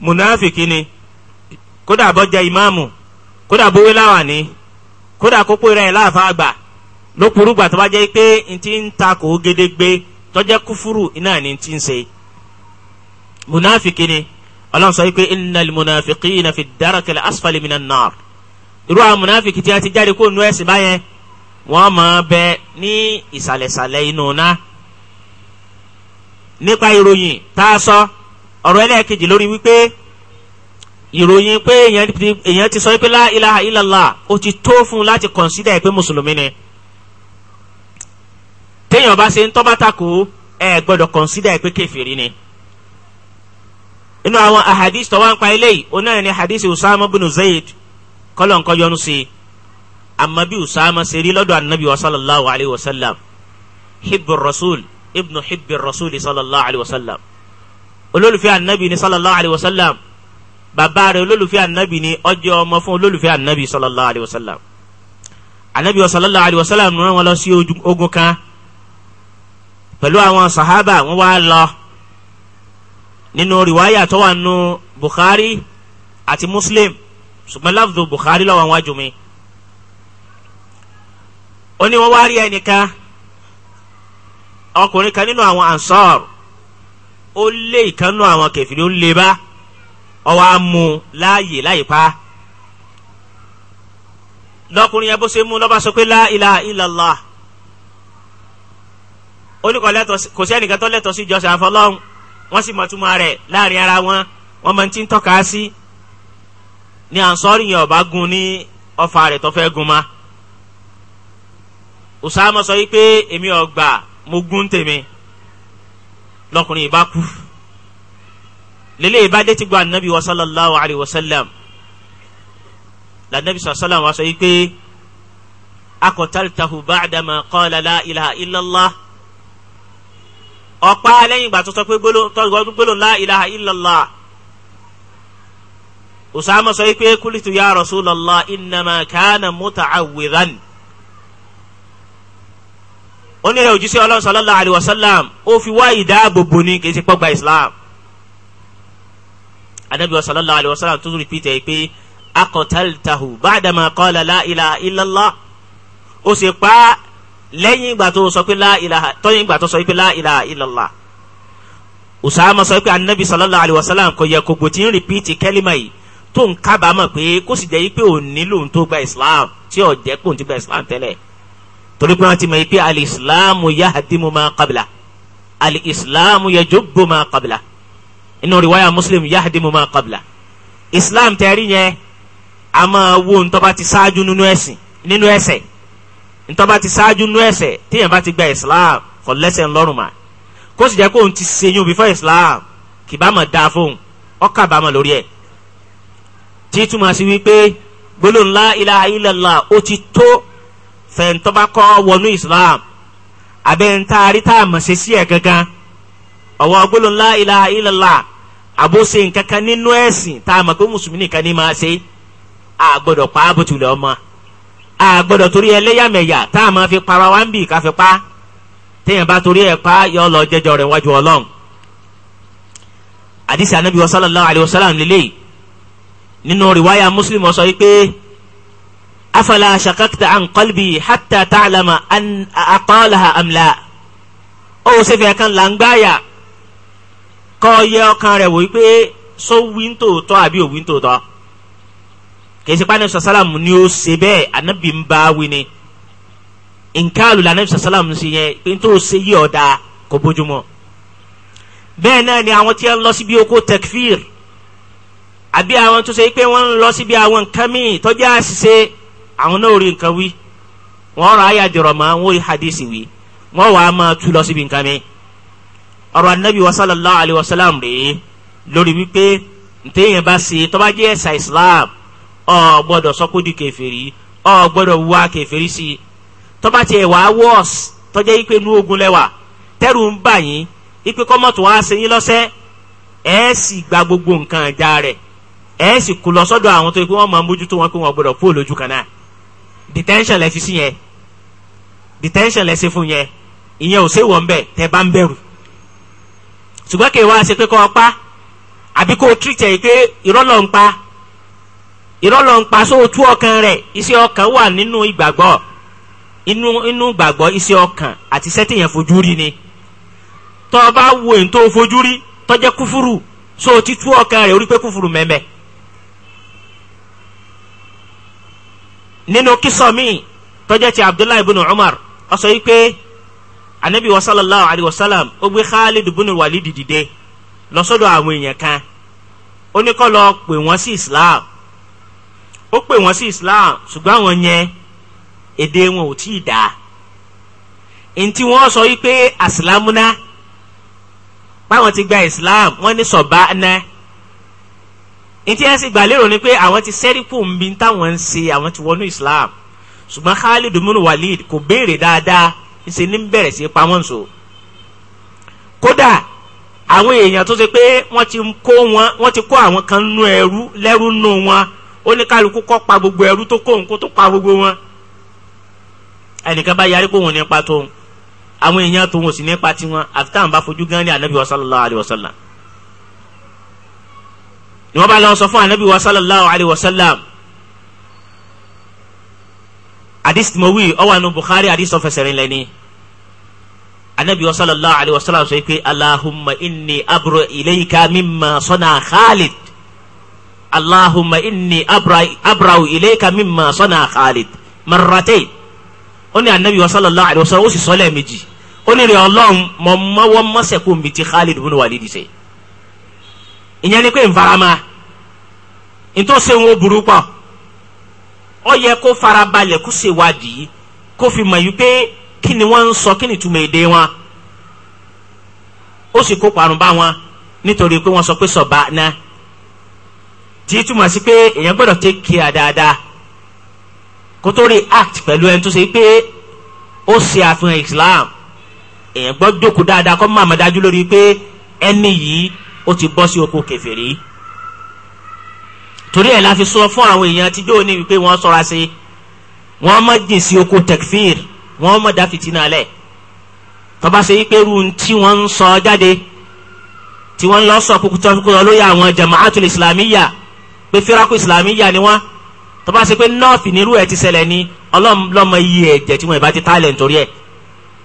mùnáfìkì ni kódà bọ́ jẹ ìmáàmù kódà bówé láwàní kódà kókó rẹ̀ láàfà àgbà lóporúgbà tó bá jẹ́ pé ntí ń ta kò gédégbé tọ́jẹ́ kúfúrú iná ni ntí ń munafiki ni ọlọ́run sọ wípé innal munafiqina fi darakil asfali minan nar irú àwọn munafiki tí a ti jáde kó nu ẹ̀sìn báyẹn wọ́n máa bẹ ní ìsàlẹ̀sàlẹ̀ inú ná nípa ìròyìn tá a sọ ọ̀rọ̀ ẹlẹ́ẹ̀kejì lórí wípé ìròyìn pé èèyàn ti sọ pé la ilaha illallah ti tó fún un láti consider pé mùsùlùmí ni téèyàn bá ṣe ń tọ́ba tako ẹ gbọ́dọ̀ consider pé kèfèrí ni inú àwọn ahadith tó wá ń pa eléyìí ó náà ní hadith usama bin zayd kọ́lọ̀ nǹkan yọnu sí i àmọ́ bí usama ṣe rí lọ́dọ̀ anabi wa sallallahu alayhi wa sallam hibbu rasul ibnu hibbi rasul sallallahu alayhi wa sallam olólùfẹ́ anabi ni sallallahu alayhi wa sallam bàbá rẹ̀ olólùfẹ́ anabi ni ọjọ́ ọmọ fún olólùfẹ́ anabi sallallahu alayhi wa sallam anabi wa sallallahu alayhi wa sallam rán wọn lọ ogun kan pẹ̀lú àwọn sahaba wọn wá lọ nínú riwaya tó wà nù Bukhari àti Muslim ṣùgbọ́n lafdu Bukhari lọ́wọ́ àwọn àjùmí ó ní wọ́n wá rí ẹnìkan ọkùnrin kan nínú àwọn ansar ó lé ìkànnù àwọn kẹfìrí ó lé bá ọwọ́ á mú láàyè láyè pa lọkùnrin yẹn bó ṣe mú lọ́ba sọ pé la ilaha illallah ó ní kò sẹ́nìkan tó lẹ́tọ̀ọ́ sí ìjọsìn àfọlọ́hún wọ́n sì mọ̀ túmọ̀ rẹ̀ láàrin ara wọn wọ́n máa ti ń tọ́ka sí ní ansọ́rì yẹn ọba gun ní ọfà rẹ̀ tó fẹ́ gun ma Usama sọ yìí pé èmi ọgbà mo gun tèmi lọkùnrin ìbá kú lélẹ́yìí bá ti gba anabi wa sallallahu alayhi wa sallam lànàbi sallallahu wa sọ yìí pé akọ̀tàlítàhù ba'dama qala la ilaha illallah ọ̀pá lẹ́yìn ìgbà tó sọ pé gbólóhùn la ilaha illallah Usama sọ pé kúlìtù ya Rasulallah innama kana muta'awwidan ó ní ẹ̀rọ òjíṣẹ́ ọlọ́run sallallahu alayhi wa sallam ó fi wá ìdáàbòbò ní kì í ṣe pọ́gbà Islam anabi sallallahu alayhi wa sallam tó rí pété pé aqtaltahu ba'dama qala la ilaha illallah ó sì pa lẹ́yìn ìgbà tó sọ pé la ilaha tọ́yìn ìgbà tó sọ pé la ilaha illallah usama sọ pé anabi sallallahu alayhi wa sallam kò yẹ kó gbòtí ń rìpíìtì kẹ́límà yìí tó ń kábàámọ̀ pé kó sì jẹ́ yí pé òun nílò ń tó gba islam tí ò jẹ́ kó ń ti gba islam tẹ́lẹ̀ torí pé wọ́n ti mọ̀ yí pé alìsílámù yahdimu ma qabla alìsílámù yajubbu ma qabla inú riwaya muslim yahdimu ma qabla islam tẹ́rí yẹn a máa wo ń ti ṣáájú nínú ẹ̀sìn nínú ẹ̀sẹ̀ ntọ́ba ti ṣáájú nú ẹ̀ṣẹ̀ téèyàn bá ti gba islam kò lẹ́ṣẹ̀ ńlọ́rùn mà kó sì jẹ́ kó òun ti ṣeyún before islam kì bá mọ̀ dáa fóun ó kábàámọ̀ lórí ẹ̀ tí túmọ̀ sí wípé gbólóhùn la ilaha illallah ó ti tó fẹ̀ntọ́ba kọ́ wọnú islam abẹ́ntaari tá a mọ̀ ṣe sí ẹ̀ gangan ọ̀wọ́ gbólóhùn la ilaha illallah àbóse nǹkankan nínú ẹ̀sìn tá a mọ̀ pé mùsùlùmí nìkan ní máa ṣe àgbọ̀dọ̀ pa á bó ọmọ a gbọ́dọ̀ torí ẹlẹ́yàmẹ̀yà tá a máa fi para wa ń bì ká fi pa téèyàn bá torí ẹ̀ pa yọ lọ jẹjọ rẹ̀ wájú Ọlọ́run àdìsí anabi wa sallallahu alayhi wa sallam lélẹ́yìí nínú riwaya Muslim sọ yìí pé afala shakakta an qalbi hatta ta'lama an aqalaha am la ó ṣe fẹ́ kan là ń gbáyà yẹ ọkàn rẹ̀ wò yìí pé sọ wí ń àbí òwí ń kèsì pa anabi sàlám ni ó ṣe bẹ́ẹ̀ anabi ń bá wí ni nǹkan àlùlá anabi sàlám ṣe yẹn pé n tó ṣe yí ọ̀dà kò bójúmọ́ náà ni àwọn tí wọ́n lọ síbi oko tekfir àbí àwọn tó ṣe pé wọ́n ń lọ síbi àwọn nǹkan míì tọ́jú àṣìṣe àwọn náà rí nǹkan wí wọ́n rọ àyà dìrọ̀ mọ́ hadisi wí wọ́n wàá máa tú lọ síbi nǹkan mi ọ̀rọ̀ anabi wa sallallahu alayhi wa sallam rèé lórí wípé ntẹ́yìn bá ṣe tó bá islam ọ gbọ́dọ̀ sọ kó di kèfèrí ọ gbọ́dọ̀ wá kèfèrí sí i tọ́ba tiẹ̀ wá wọ́ọ̀s tọ́jẹ́ yìí pé inú ogun lẹ́wà tẹ́rù ń bà yín ipe kọ́mọ̀tò wá ṣe yín lọ́sẹ́ ẹ̀ sì gba gbogbo nǹkan ìjà rẹ̀ ẹ̀ sì kú lọ àwọn tó yẹ pé wọ́n máa mójútó wọn pé wọ́n gbọ́dọ̀ kú òlójú kan náà detention lẹ fi sí yẹn detention lẹ ṣe fún yẹn ìyẹn ò ṣèwọ̀ ń bẹ̀ tẹ́ bá ń bẹ̀rù ṣùgbọ́n kí wọ́n á ṣe pé kọ́ ọ pa àbí kó o treat ẹ̀ pé irọ́ ń pa ìrọ́lọ́ ń pa sóòtú ọkàn rẹ̀ iṣẹ́ ọkàn wà nínú ìgbàgbọ́ inú inú ìgbàgbọ́ iṣẹ́ ọkàn àti iṣẹ́ tèèyàn fojú rí ni tọ́ ọ bá wo èyí tó o fojú rí tọ́jẹ́ kúfúrú sóòtú tú ọkàn rẹ̀ orí pé kúfúrú mẹ́mẹ́. nínú kísọ̀ míì tọ́jẹ́ ti Abdullahi ibn Umar ó sọ yìí pé anabi wa sallallahu alayhi wa sallam ó gbé Khalid ibn Walid dìde lọ sọ́dọ̀ àwọn èèyàn kan ó ní kó lọ pè wọ́n sí Islam ó pè wọ́n sí islam ṣùgbọ́n àwọn yẹn èdè wọn ò tíì dáa ntí wọ́n sọ wípé asilamuna báwọn ti gba islam wọ́n ní sọ̀bá ná ntí wọ́n sì gbà lérò ni pé àwọn ti sẹ́ríkù nbí táwọn ń ṣe àwọn ti wọnú islam ṣùgbọ́n khalid munu walid kò béèrè dáadáa ṣe ní bẹ̀rẹ̀ sí pamọ́ nso kódà àwọn èèyàn tó ṣe pé wọ́n ti kó àwọn kan nú ẹrú lẹ́rú nú wọn. No ó ní kálukú kó pa gbogbo ẹrú tó kóhun kó tó pa gbogbo wọn ẹnìkan bá yarí kóhun nípa tóhun àwọn èèyàn tóhun sì nípa tiwọn àfi táwọn bá fojú gan ní anabi wa sallallahu alayhi ni wọn bá lọ sọ fún anabi wa sallallahu alayhi wa sallam hadith mọ̀wí ó wà nínú Bukhari anabi wa sallallahu alayhi sọ pé alahumma inni abro ilayka mimma sọ́nà Khalid allahumma inni abrahu ilayka mimma sana khalid marratayn ó ní anabi wa sallallahu alayhi wa sallam ó sì sọ lẹ́ẹ̀mejì ó ní rẹ̀ ọlọ́run mọ̀ mọ́wọ́ mọ́sẹ̀kùn mi ti khalid bin walid ṣe ìyẹn ni pé nfarama ntọ́sẹ̀ wo burú pọ̀ ó kó farabalẹ̀ kó ṣèwádìí kó fi mọ̀ pé kí ni wọ́n ń sọ èdè wọn ó sì kó parun bá wọn nítorí pé wọ́n sọ pé sọ̀bà náà tí túmọ̀ sí pé èèyàn gbọ́dọ̀ take care dáadáa kó tó react pẹ̀lú ẹni tó ṣe pé ó ṣe àfihàn Islam èèyàn gbọ́ jókòó dáadáa kó máa mọ̀ dájú lórí pé ẹni yìí ó ti bọ́ sí oko kèfèrí torí ẹ̀ la fi sọ fún àwọn èèyàn tí yóò ní wípé wọ́n ṣọ́ra sí wọ́n má jìn sí oko tekfir wọ́n má dá fìtínà lẹ̀ tó bá ṣe wípé irú tí wọ́n ń sọ jáde tí wọ́n ń sọ kókó tó lórí àwọn jama'atul islamiyya pé firaku islamiyya ni wọ́n tó bá ṣe pé nọ́ọ̀fì nírú ẹ̀ ti ṣẹlẹ̀ ni ọlọ́mọ iye ẹ̀jẹ̀ tí wọ́n ìbá ti tálẹ̀ nítorí ẹ̀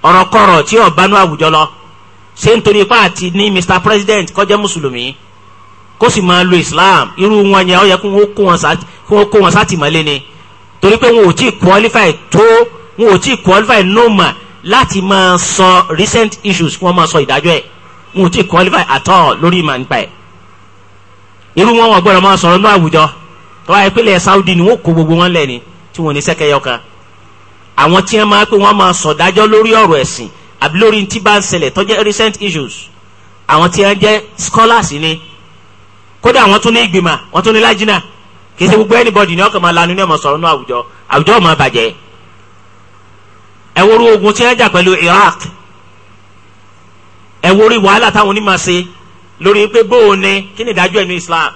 ọ̀rọ̀ tí ò bánú àwùjọ lọ ṣé nítorí ipá àti ní mr president kó jẹ́ mùsùlùmí kó sì máa lo islam irú wọn yẹn ó yẹ kí wọ́n kó wọn sátìmọ́lé ni torí pé wọn ò tí qualify tó wọn ò tí qualify noma láti máa sọ recent issues kí wọ́n máa sọ ìdájọ́ ẹ̀ wọn ò tí qualify at all lórí ìmọ̀ nípa ẹ̀ irú wọn wọn gbọ́dọ̀ máa sọ̀rọ̀ ní àwùjọ tó wáyé pélé Saudi ni wọ́n kó gbogbo wọn lẹ̀ ni tí wọ́n ní sẹ́kẹ̀yọ kan àwọn tí wọ́n máa pé wọ́n máa sọ dájọ́ lórí ọ̀rọ̀ ẹ̀sìn àbí lórí tí bá ń ṣẹlẹ̀ tó jẹ́ recent issues àwọn tí wọ́n jẹ́ scholars ni kódà wọ́n tún ní ìgbìmọ̀ wọ́n tún ní lájínà kì ṣe gbogbo anybody ni ọkàn máa lanu ní ọmọ sọ̀rọ̀ ní àwùjọ àwùjọ máa bàjẹ́ ẹ ogun tí jà pẹ̀lú Iraq ẹ wàhálà táwọn onímọ̀ ṣe lórí pé bóun ni kí ni ìdájọ́ ẹ̀nu islam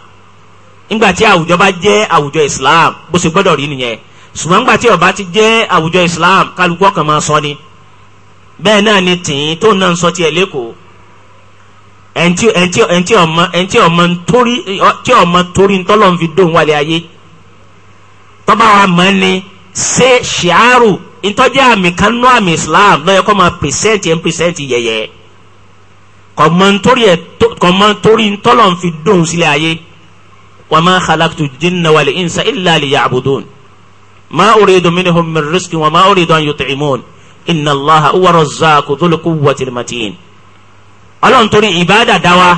ńgbà tí àwùjọ bá jẹ́ àwùjọ islam bó ṣe gbọ́dọ̀ rí nìyẹn ṣùgbọ́n ńgbà tí ó ti jẹ́ àwùjọ islam kálukú ọkàn máa sọ ni bẹ́ẹ̀ náà ni tìǹ tó náà ń sọ tiẹ̀ lẹ́kọ̀ọ́ ẹ̀ǹtí ẹ̀ǹtí ẹ̀ǹtí ọmọ ẹ̀ǹtí ọmọ torí tí ọmọ torí ntọ́lọ́n fi dóhùn wálé ayé tọ́ba wa mọ̀ ni ṣé ṣìárù ntọ́jú àmì kanú àmì islam lọ́yẹ kọ́ máa pèsèǹtì ẹ̀ ń pèsèǹtì kọ̀mọ́ntorí ntọ́lọ̀ ń fi dóhùn sílẹ̀ ayé wa ma khalaqtu jinna wal insa illa liya'budun ma uridu minhum min rizqin wa ma uridu an yut'imun inna allaha huwa razzaqu dhul quwwatil matin. ọlọ́run torí ìbáàdà dá wa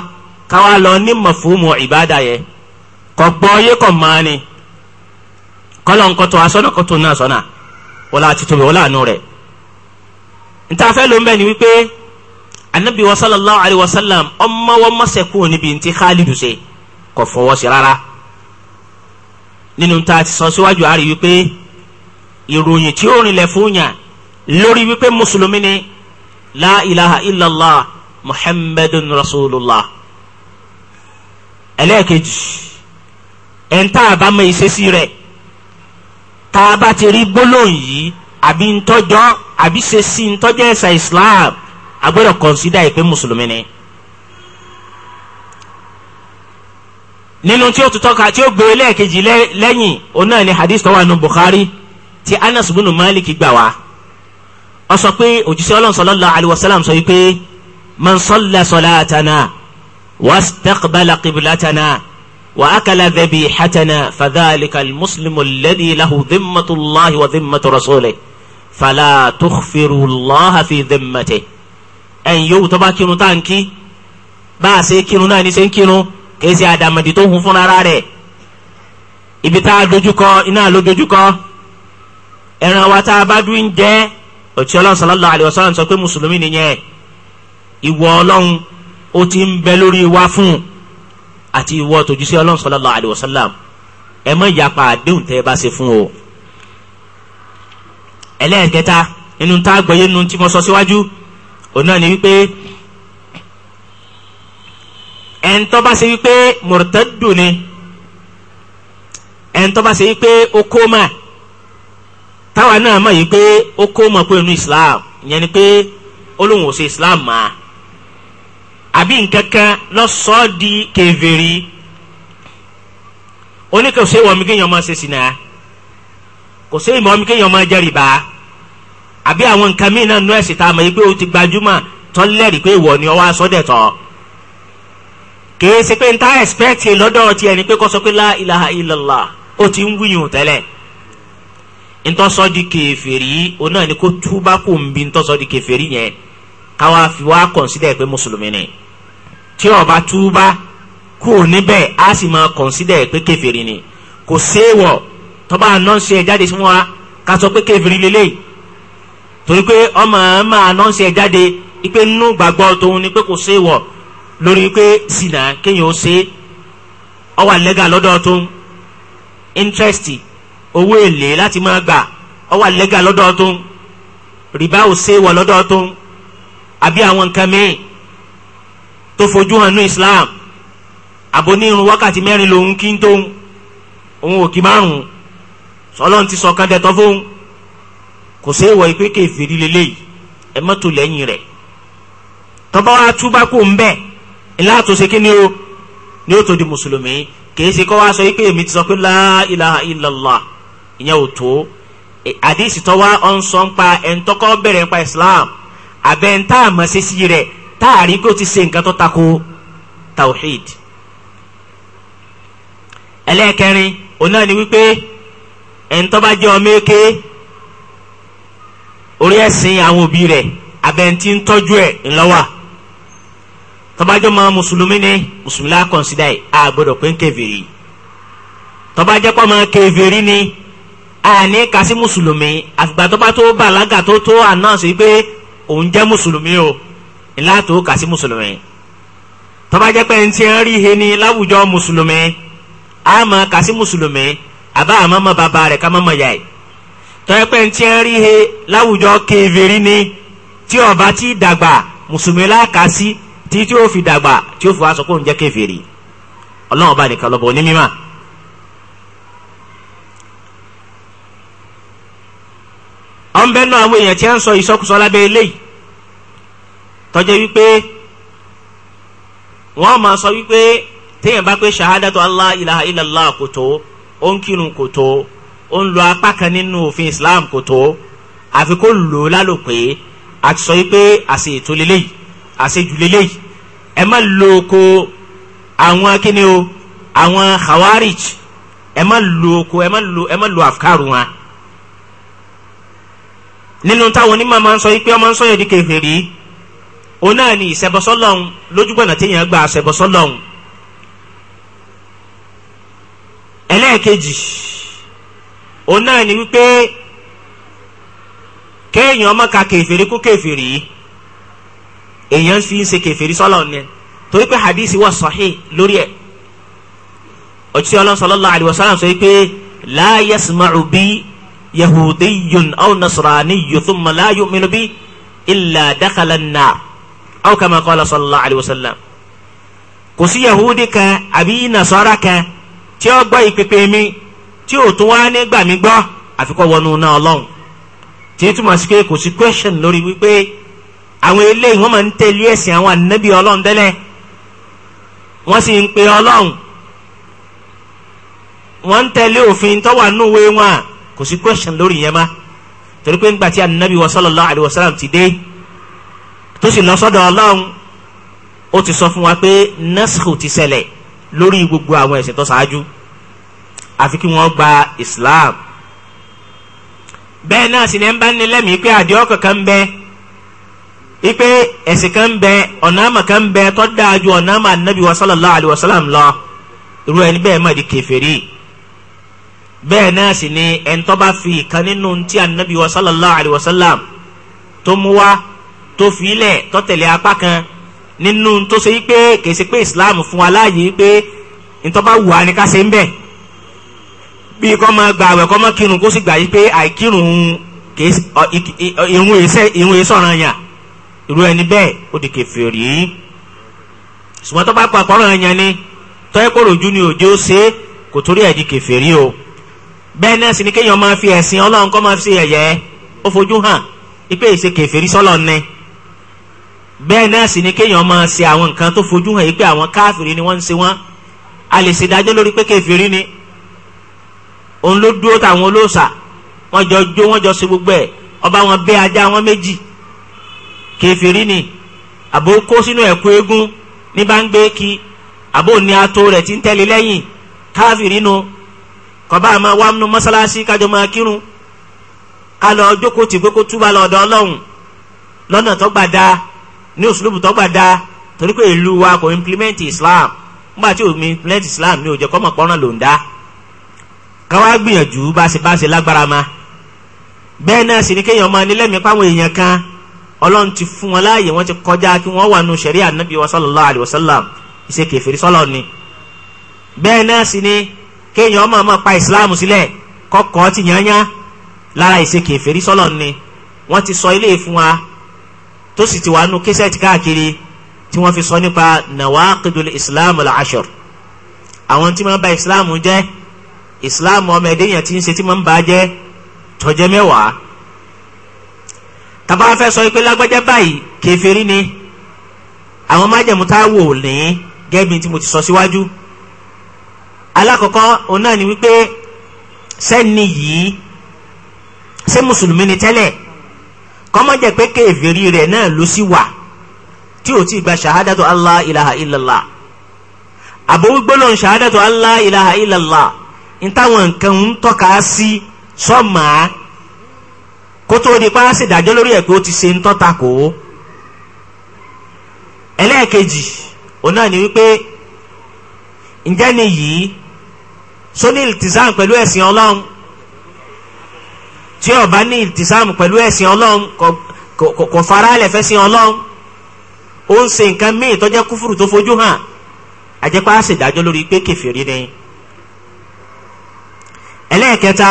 káwa lọ ní mafhumu ìbáàdà yẹ kọ gbọ́ yé kọ máa ni kọ́lọ̀ nkọ́tọ̀ asọ́nà kọ́tọ̀ náà sọ́nà wọlé àti tòbí wọlé ni wípé anabi wa sallallahu alayhi wa sallam ọmọ wọn ma ṣe kúrò níbi ntí Khalidu ṣe kò fọwọ́ sí rárá nínú ta ti sọ síwájú àárí wípé ìròyìn tí ó rinlẹ̀ fún yàn lórí wípé mùsùlùmí ni la ilaha illallah muhammadun rasulullah ẹlẹ́ẹ̀kejì ẹ̀ńtà àbámọ̀ ìṣesí rẹ̀ tá a ti rí gbólóhùn yìí àbí ntọ́jọ́ àbí ṣe sí ntọ́jọ́ islam agbọ́dọ̀ kọnsida yìí pé mùsùlùmí ni. nínú tí ó tutọ́ ka tí ó gbé lẹ́ẹ̀kejì lẹ́yìn òun náà ni hadith tó wà nù Bukhari ti Anas bunu Malik gbà wá ó sọ pé òjíṣẹ́ Ọlọ́run sallallahu alaihi wasallam sọ yìí pé man salla salatana wastaqbala qiblatana wa akala dhabihatana fadhalika almuslimu alladhi lahu dhimmatullahi wa dhimmatu rasulihi fala tukhfirullaha fi dhimmatihi ẹ̀yìn yòówù tó bá kírun tá à ń kí bá a ṣe kírun náà ní ṣe ń kírun kì í ṣe àdàmọ̀dì tó hun fúnra ara rẹ̀ ibi tá a dojúkọ iná ló dojúkọ ẹran wa tá a bá dún ń jẹ́ òtí ọlọ́run sallallahu alaihi wasallam sọ pé mùsùlùmí nìyẹn ìwọ ọlọ́run ó ti ń bẹ lórí wa fún àti ìwọ tòjúṣe ọlọ́run sallallahu alaihi ẹ má yapa àdéhùn tẹ́ ẹ bá ṣe fún o ẹlẹ́ẹ̀kẹta inú tá a gbọ́yé inú tí mo sọ síwájú. Si òun náà ni wípé ẹ̀ńtọ́ bá ṣe wípé mọ̀rọ̀tẹ́dù ni ẹ̀ńtọ́ bá ṣe wípé ó táwa náà mọ̀ yìí pé ó kó inú Islam ìyẹn ni pé olóhùn ọ̀sẹ̀ Islam mà àbí nkankan lọ́sọ̀ọ́ di kèfèrí oníkàwé ṣe wọ́n mi kéèyàn máa ṣe sìnà kò sí ìmọ̀ mi kéèyàn máa jẹ́ rìbá àbí àwọn nǹkan míì náà nú ẹ̀sìn tá a mọ̀ yìí pé o ti gbajúmọ̀ tán lẹ́rìí pé ìwọ ni ọwọ́ asọ́dẹ̀ tọ́ kìí ṣe pé n ta ẹ̀spẹ́tì lọ́dọ̀ tiẹ̀ ni pé kó sọ pé la ilaha illallah ó ti ń wíyùn tẹ́lẹ̀ ntọ́sọ́ di kèfèrí o náà ni kó túbá kò ń bi ntọ́sọ́ di kèfèrí yẹn káwa fi wá kọ̀nsídẹ̀ pé mùsùlùmí ni tí ó bá túbá kò níbẹ̀ á sì máa kọ̀nsídẹ̀ pé kèfèrí ni kò séèwọ̀ tọ́ba náà jáde sí wọn ká sọ pé kèfèrí lélẹ́yìí torí pé ọmọ máa nọ́ọ̀sì ẹ̀ jáde ipe nínú gbàgbọ́ tòun ni pé kò ṣe wọ̀ lórí pé sinà kéèyàn ṣe ọ wà lẹ́gà lọ́dọ̀ tòun interest owó èlé láti máa gbà ọ wà lọ́dọ̀ tòun rìbá ò ṣe wọ̀ lọ́dọ̀ Islam àbonírun wákàtí mẹ́rin lòun kí n tóun òun ò kí márùn-ún sọlọ́n ti fóun. kò sí èèwọ̀ yìí pé kèfèrí lélẹ́yìí ẹ mọ́tò lẹ́yìn rẹ̀ tọ́ba wa túbá kò ń bẹ̀ ńlá tó kí ni o ni ó tó di mùsùlùmí kì í ṣe kọ́ wa sọ yìí pé èmi ti sọ pé la ilaha ìyẹn ò tó e, àdìsí tọ́ wa ọ̀n pa ẹ̀ ń bẹ̀rẹ̀ ń pa Islam àbẹ̀ ń tá àmọ́ ṣe sí rẹ̀ tá a rí pé ó ti ṣe nǹkan tó tako tawhid ẹlẹ́ẹ̀kẹrin òun ni wípé ẹ̀ ọmọ eke orí ẹ̀sìn àwọn òbí rẹ̀ abẹ́ntí ń tọ́jú ẹ̀ ńlọ́wà tọ́bájọ́ máa mùsùlùmí ni mùsùlùmí la kọ̀nsídà yìí a gbọ́dọ̀ pé ń kèfèrí tọ́bájọ́ pọ̀ máa kèfèrí ni a ní kasi mùsùlùmí àfìgbà tọ́ba tó bàlágà tó tó ànáàsì pé òun jẹ́ mùsùlùmí o ńlá tó kasi mùsùlùmí tọ́bájọ́ pé ń tiẹ́ rí he ni láwùjọ mùsùlùmí a máa kasi mùsùlùmí àbá àmọ́ mọ́ bàbá rẹ̀ ká mọ́ mọ́ yá yìí tọ́yẹ́pẹ́ ń tiẹ́ rí he láwùjọ kèfèrí ni tí ọba ti dàgbà mùsùlùmí láàkásí tí tí ó fi dàgbà tí ó fi wá sọ pé òun jẹ́ kèfèrí ọlọ́run ọba nìkan lọ́bọ̀ onímọ̀. ọ̀nbẹ́ náà àwọn èèyàn tí ń sọ ìsọkúsọ lábẹ́ eléyìí tọ́jẹ́ wípé wọ́n máa sọ wípé téèyàn bá pé Allah ilaha illallah kò tó ó ń kírun kò tó ó ń lo apá kan nínú òfin islam kò tó àfi kó lò ó lálò pé a ti sọ yìí pé àṣẹ ètò lélẹ́yìí àṣẹ jù lélẹ́yìí ẹ má lo oko àwọn kíni o àwọn khawarij ẹ má lo oko ẹ má lo ẹ má lo afkaru wọn nínú táwọn onímọ̀ máa ń sọ yìí pé ọmọ ń sọ yẹn di kèfèrí òun náà ni ìṣẹbọsọlọhún lójúgbọnà téèyàn gba àṣẹbọsọlọhún ẹlẹ́ẹ̀kejì òun náà ni wípé kéèyàn ọmọ ka kèfèrí kú kèfèrí èèyàn fi ń ṣe kèfèrí sọ́lọ̀ ni torí pé hadisi wà sahih lórí ẹ̀ òtítí ọlọ́run sallallahu alaihi wasallam sọ wípé la yasma'u bi yahudiyun aw nasraniyun thumma la yu'minu bi illa dakhala an-nar aw kama qala sallallahu alaihi wasallam kò sí yahudi kan àbí nasara kan tí ó gbọ́ ìpèpè mi tí ò tún wá ní gbà mí gbọ́ àfikọ́ wọnú náà ọlọ́run tí túmọ̀ sí pé kò sí question lórí wípé àwọn eléyìí wọ́n máa ń tẹ̀lé ẹ̀sìn àwọn ànábì ọlọ́run tẹ́lẹ̀ wọ́n sì ń pe ọlọ́run wọ́n ń tẹ̀lé òfin tó wà nínú ìwé wọn kò sí question lórí yẹn má torí pé ńgbà tí ànábì wa sallallahu alaihi wasallam ti dé tó sì lọ sọ́dọ̀ ọlọ́run ó ti sọ fún wa pé nasru ti ṣẹlẹ̀ lórí gbogbo àwọn ẹ̀sìn tó ṣáájú àfi kí wọ́n gba islam bẹ́ẹ̀ náà sì ní ń bá ní lẹ́mìí pé àdéhùn kankan ń bẹ ipe ẹ̀sìn kan ń bẹ ọ̀nà àmà kan ń bẹ tó dáa ju ọ̀nà àmà anabi wa sallallahu alayhi wa sallam lọ irú ẹni bẹ́ẹ̀ má di kèfèrí bẹ́ẹ̀ náà sì ni ẹni tó bá fi ìkan nínú ti anabi wa sallallahu alayhi wa sallam tó mú wá tó fi ilẹ̀ tó tẹ̀lé apá kan nínú tó ṣe yí kèsì pé islam fún wa láàyè pé ntọ́ bá wù á ní ká ṣe ń bẹ́ẹ̀ bí kọ́ máa gba àwẹ̀ kọ́ máa kírun kó sì gbà yí pé àìkírun ìrun ìsọ̀ràn yàn irú ẹni bẹ́ẹ̀ ó di kèfèrí ṣùgbọ́n tó bá pa àkọ́ràn yẹn ni tọ́yẹ́ kò ròjú ni òjò ṣe kò torí ẹ̀ di kèfèrí o bẹ́ẹ̀ náà sì ni kéèyàn máa fi ẹ̀sìn ọlọ́run kọ́ máa fi ṣe yẹ̀yẹ́ ó fojú hàn ipe ìṣe kèfèrí sọ́lọ̀ ni bẹ́ẹ̀ náà sì ni kéèyàn máa ṣe àwọn nǹkan tó fojú hàn yìí pé àwọn káfìrí ni wọ́n ń ṣe wọ́n a lè ṣèdájọ́ lórí pé kèfèrí ni òun ló dúró táwọn olóòṣà wọ́n jọ jó wọ́n jọ ṣe gbogbo ẹ̀ ọba wọn bẹ́ ajá wọn méjì kẹfìrí ni àbò kó sínú ẹ̀kú eégún ní bá ń gbé kí àbò ní ato rẹ̀ ti ń tẹ̀lé lẹ́yìn káfìrí nu kọba àmọ́ wà nù kájọ máa kírun ká lọ tì pé kó túbà lọ́dọ̀ ọlọ́run lọ́nà tó gbà ní òṣùlùbù tó gbà torí pé ìlú wa kò implement Islam nígbà tí ò implement Islam ni ò jẹ́ kọ́mọ̀ pọ́nrán lòún dáa ká wá gbìyànjú bá ṣe bá ṣe lágbára ma bẹ́ẹ̀ náà sì ni kéèyàn máa ní lẹ́mìí páwọn èèyàn kan ọlọ́run ti fún wọn láàyè wọ́n ti kọjá kí wọ́n wà nù sẹ̀rí ànábì wa sallallahu alayhi wa sallam ìṣe kèfèrí sọ́lọ̀ ni bẹ́ẹ̀ náà sì ni kéèyàn máa máa pa ìsìláàmù sílẹ̀ kọ́kọ́ ti yányá lára ìṣe kèfèrí sọ́lọ̀ ni wọ́n ti sọ ilé fún wa tó sì ti wà nù késẹ́ẹ̀tì káàkiri tí wọ́n fi sọ nípa nawaqidul islam al àwọn tí wọ́n bà ìsìláàmù jẹ́ islam ọmọ ẹdẹ yẹn ti ń ṣe tí mo ń bá jẹ tọjẹ mẹ́wàá tàbá fẹ́ sọ pé lágbájá báyìí kèfèrí ni àwọn májẹ̀mú tá a wò ní gẹ́bí tí mo ti sọ síwájú alákọ̀ọ́kọ́ òun náà ni wípé sẹ́ni yìí ṣé mùsùlùmí ni tẹ́lẹ̀ kọ́mọ́jẹ̀ pé kèfèrí rẹ̀ náà ló sì wà tí ò tí gba shahadatu allah ilaha illallah àbówí gbólóhùn shahadatu allah ilaha illallah n táwọn nǹkan ń tọ́ka sí sọ́mà kó tó di pa ṣèdájọ́ lórí ẹ̀ pé ó ti ṣe ń tọ́ta kó ẹlẹ́ẹ̀kejì òun náà ni wípé ǹjẹ́ ni yìí sóní ìltizam pẹ̀lú ẹ̀sìn ọlọ́run tí ó bá ní ìltizam pẹ̀lú ẹ̀sìn ọlọ́run kò fara lẹ̀ fẹ́ sin ọlọ́run ó ń ṣe nǹkan míì tó jẹ́ tó fojú hàn àjẹpá ṣèdájọ́ lórí pé kèfèrí ni ẹlẹ́ẹ̀kẹta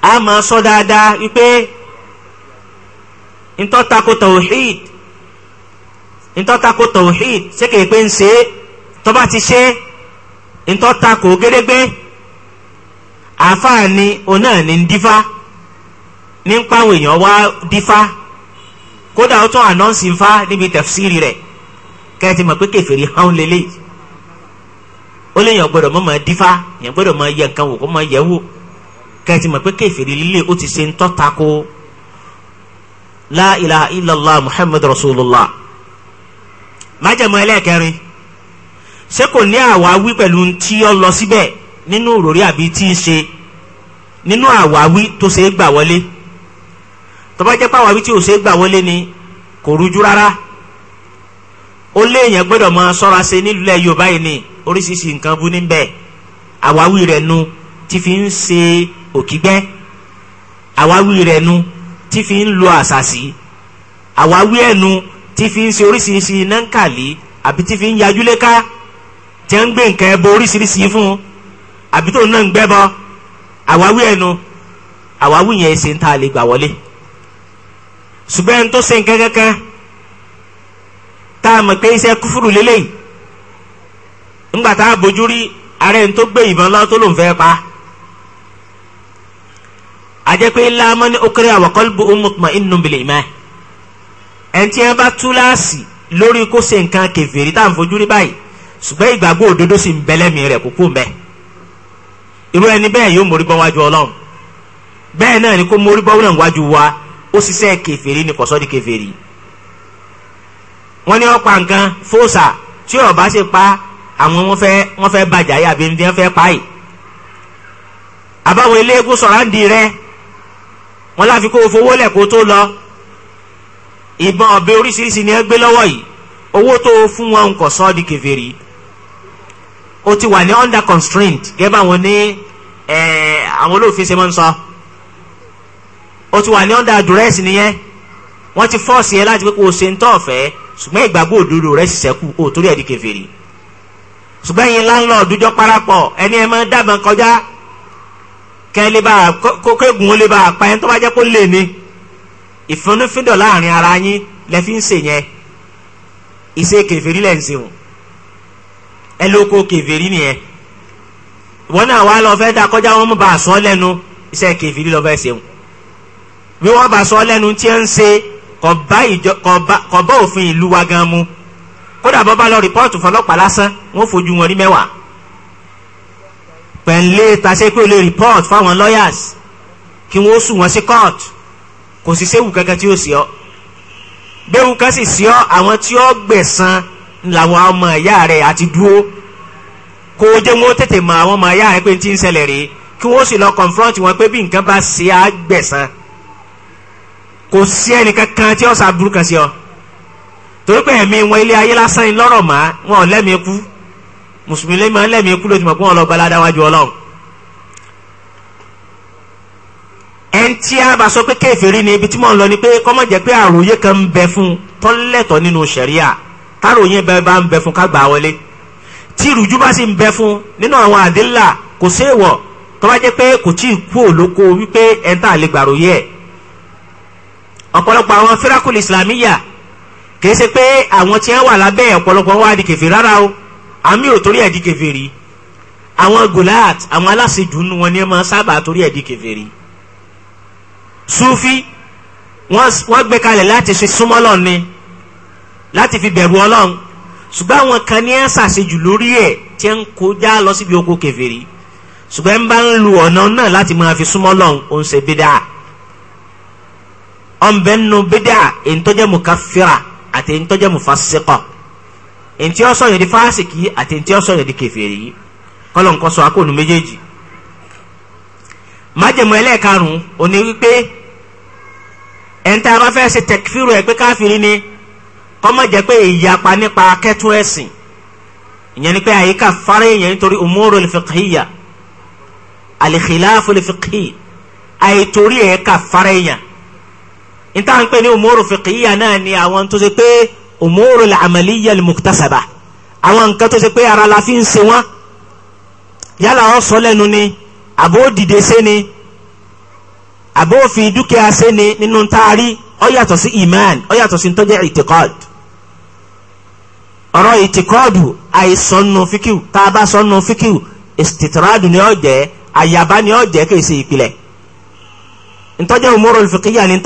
a máa sọ dáadáa wípé ntọ́tako tawhid ntọ́tako tawhid ṣé kèé pé ń ṣe é tọ́ba ti ṣe é ntọ́tako gédégbé àáfàá ni oná ní ń dífá ní ń pàwọn èèyàn wá dífá kódà ó tún ànọ́ǹsì ń fá níbi tẹ̀fsíìrì rẹ̀ kẹ́ẹ̀tì mọ̀ pé kẹfìrí hàn lélẹ̀ ó léèyàn gbọ́dọ̀ mọ̀ mọ̀ dífá èèyàn gbọ́dọ̀ mọ̀ yẹ nǹkan wò kó mọ̀ yẹ wò kẹ́ẹ̀tì mọ̀ pé kèfèrí líle ó ti ṣe ń tọ́ta kó la ilaha illallah muhammad rasulullah májẹ̀mú ẹlẹ́ẹ̀kẹrin ṣé kò ní àwáwí pẹ̀lú tí ó lọ síbẹ̀ nínú òròrí àbí tí ń ṣe nínú àwáwí tó ṣe é gbà wọlé tó bá jẹ́ pé àwáwí tí ò ṣe é gbà wọlé ni kò rújú rárá ó léèyàn gbọ́dọ̀ máa ṣọ́ra ṣe nílùú Yorùbá yìí ni oríṣiríṣi nǹkan bú níbẹ̀ àwáwí rẹ̀ nu ti fi ń ṣe òkígbẹ́ àwáwí rẹ̀ nu tí fi ń lo àṣàṣì àwáwí ẹ̀nu tí fi ń ṣe oríṣiríṣi iná ń kàlí àbí tí fi ń yajúlé ká tí ń gbé nǹkan ẹbọ oríṣiríṣi fún un àbí tó náà ń gbẹ́bọ àwáwí ẹ̀nu àwáwí yẹn ṣe ń ta lè gbà wọlé ṣùgbọ́n ẹni tó ṣe nǹkan kankan tá a mọ̀ pé iṣẹ́ kúfúrú lélẹ́yìí ńgbà tá a bójú rí tó gbé ìbọn lọ́wọ́ tó fẹ́ pa á. àjẹ́ pé láàmú ní okere àwọ̀kọ́lùbù ọmọkùnmá inú bìlẹ̀ ìmá ẹni tí wọ́n bá túláàsì lórí kó ṣe nǹkan kẹfìrí tá à ń fojú rí báyìí ṣùgbọ́n ìgbàgbọ́ òdodo sì ń bẹ́lẹ́mì rẹ̀ kúkú mbẹ́ irú ẹni bẹ́ẹ̀ yóò mórí bọ́ wájú ọlọ́run bẹ́ẹ̀ náà ni kó mórí bọ́ náà wájú wa ó ṣiṣẹ́ kẹfìrí ni kọ̀sọ́ di kẹfìrí wọ́n ní ọ̀pá nǹkan fóòsà tí ọ̀bá ṣe pa àwọn wọn fẹ́ wọn fẹ́ bàjá yàbí ní wọ́n fẹ́ pa yìí àbáwọn eléégún sọ̀rọ̀ á wọ́n láfi kó o fowó lẹ̀ kó tó lọ ìbọn ọ̀bẹ oríṣiríṣi ni ẹ gbé lọ́wọ́ yìí owó tó o fún wọn kò sọ ọ́ di kèfèrí o ti wà ní under constraint gẹ́gẹ́ bá wọn ní àwọn olóòfin ṣe máa ń sọ o ti wà ní under duress nìyẹn wọ́n ti fọ́ọ̀sì ẹ láti pé kó o ṣe ń tọ́ ọ̀fẹ́ ṣùgbọ́n ìgbàgbọ́ òdodo rẹ sì ṣẹ́kù o torí ẹ̀ di kèfèrí ṣùgbọ́n yín láńlọ́ọ̀dù parapọ̀ ẹni ẹ máa dábàá kọjá kẹ́ lè bá kókégùn ó lè bá pa ẹni tó bá jẹ́ kó lè ní ìfúnnúfíndọ̀ láàrin ara yín lẹ fi ń ṣe yẹn ìṣe kèfèrí lẹ́ ń ṣe o ẹ ló kó kèfèrí nìyẹn wọn náà wá lọ fẹ́ dá kọjá wọn mú bá a sọ lẹ́nu iṣẹ́ kèfèrí lọ fẹ́ ṣe bí wọ́n bá sọ lẹ́nu tí ń ṣe kò bá òfin ìlú wa gan mu kódà bọ́ bá lọ rìpọ́ọ̀tù fọlọ́pàá lásán wọ́n fojú wọn rí mẹ́wàá pẹ̀lẹ́ tasẹ́pẹ́ olè report fáwọn lawyers kí wọ́n sùn wọ́n sí court kò sì séwu kankan tí ó sì ọ́ bẹ́ẹ̀ kan sì sí ọ́ àwọn tí ó gbẹ̀san làwọn ọmọ ìyá rẹ̀ àti dúró kó o jẹ́ wọ́n tètè mọ àwọn ọmọ ìyá rẹ̀ pé ti ń ṣẹlẹ̀ rèé kí wọ́n sì lọ confront wọn pé bí nǹkan bá ṣe á gbẹ̀san kò sí ẹnìkan kan tí ó sàbúrú kan sí ọ torí pé ẹ̀mí wọn ilé ayé lásán ni lọ́rọ̀ mọ́ wọn ò lẹ́mìí kú mùsùlùmí lè máa ń lẹ́mìí kúlò tí mo pọ́n lọ gbalada wájú ọlọ́run. ẹn tí a bá sọ pé kéferì ni ibi tí mò ń lọ ni pé kọ́mọ̀ jẹ́ pé àròyé kan ń bẹ fún tọ́lẹ̀tọ̀ nínú sẹ̀ríà táròyé bẹ́ẹ̀ bá ń bẹ fún ká gbà wọlé tí ìrújú bá sì ń bẹ fún nínú àwọn àdínlà kò séèwọ̀ tó bá jẹ́ pé kò tí ì kú òlóko wípé ẹ̀ ń tà lè gbàròyé ẹ̀ ọ̀pọ̀lọpọ̀ àwọn fírákùlù ìsìlámíyà kì í ṣe pé àwọn tí wọ́n wà lábẹ́ ọ̀pọ̀lọpọ̀ wà ní kẹfì rárá o àmì ò torí ẹ̀dí kèfèrí àwọn goliath àwọn aláṣejù nù wọn ni ẹ sábà torí ẹ̀dí kèfèrí sufi wọ́n gbé kalẹ̀ láti ṣe súnmọ́ Ọlọ́run ni láti fi bẹ̀rù Ọlọ́run ṣùgbọ́n àwọn kan ní ẹ ṣàṣejù lórí ẹ̀ tí ẹ ń kọjá lọ síbi oko kèfèrí ṣùgbọ́n ẹ ń bá ń lu ọ̀nà náà láti máa fi súnmọ́ Ọlọ́run ó ń ṣe bídà ọ̀nbẹ́nu bídà èyí tó jẹ́ mùkàfírà àti èyí tó jẹ́ mùfàsíkọ̀ ntí ọsọ yẹn di fásìkì àti ntí ọsọ yẹn di kèfèrí yìí kọlọ nǹkan sọ akóònù méjèèjì májèmọ ẹlẹ́ẹ̀karùn-ún òní wípé ẹ̀ńtà bá fẹ́ ṣe tẹkfírù ẹ̀ pé káfíìrì ni kọ́mọ̀ jẹ́ pé ìyapa nípa akẹ́tù ẹ̀sìn ìyẹn ni pé àyíká fara èèyàn nítorí umuru al-fiqhiyya al-khilafu al-fiqhi àìtorí ẹ̀ka fara èèyàn níta ń pè ní umuru fiqhiyya náà ni àwọn tó ṣe pé umuru al-amaliyya al-muktasaba àwọn nǹkan tó ṣe pé ara la fi ń ṣe wọn yálà wọn sọ lẹ́nu ni àbó dìde ṣe ni àbó fi dúkìá ṣe ni nínú ntaari ó yàtọ̀ sí iman ó yàtọ̀ sí ntọ́jà ìtìkọ́d ọ̀rọ̀ ìtìkọ́dù àìsọ̀nù fíkìw tá a sọ̀nù fíkìw ìsìtìtìrádù ni ó jẹ́ àyàbá ni ó jẹ́ kì ṣe ìpìlẹ̀ ntọ́jà umuru al-fiqhiyya ni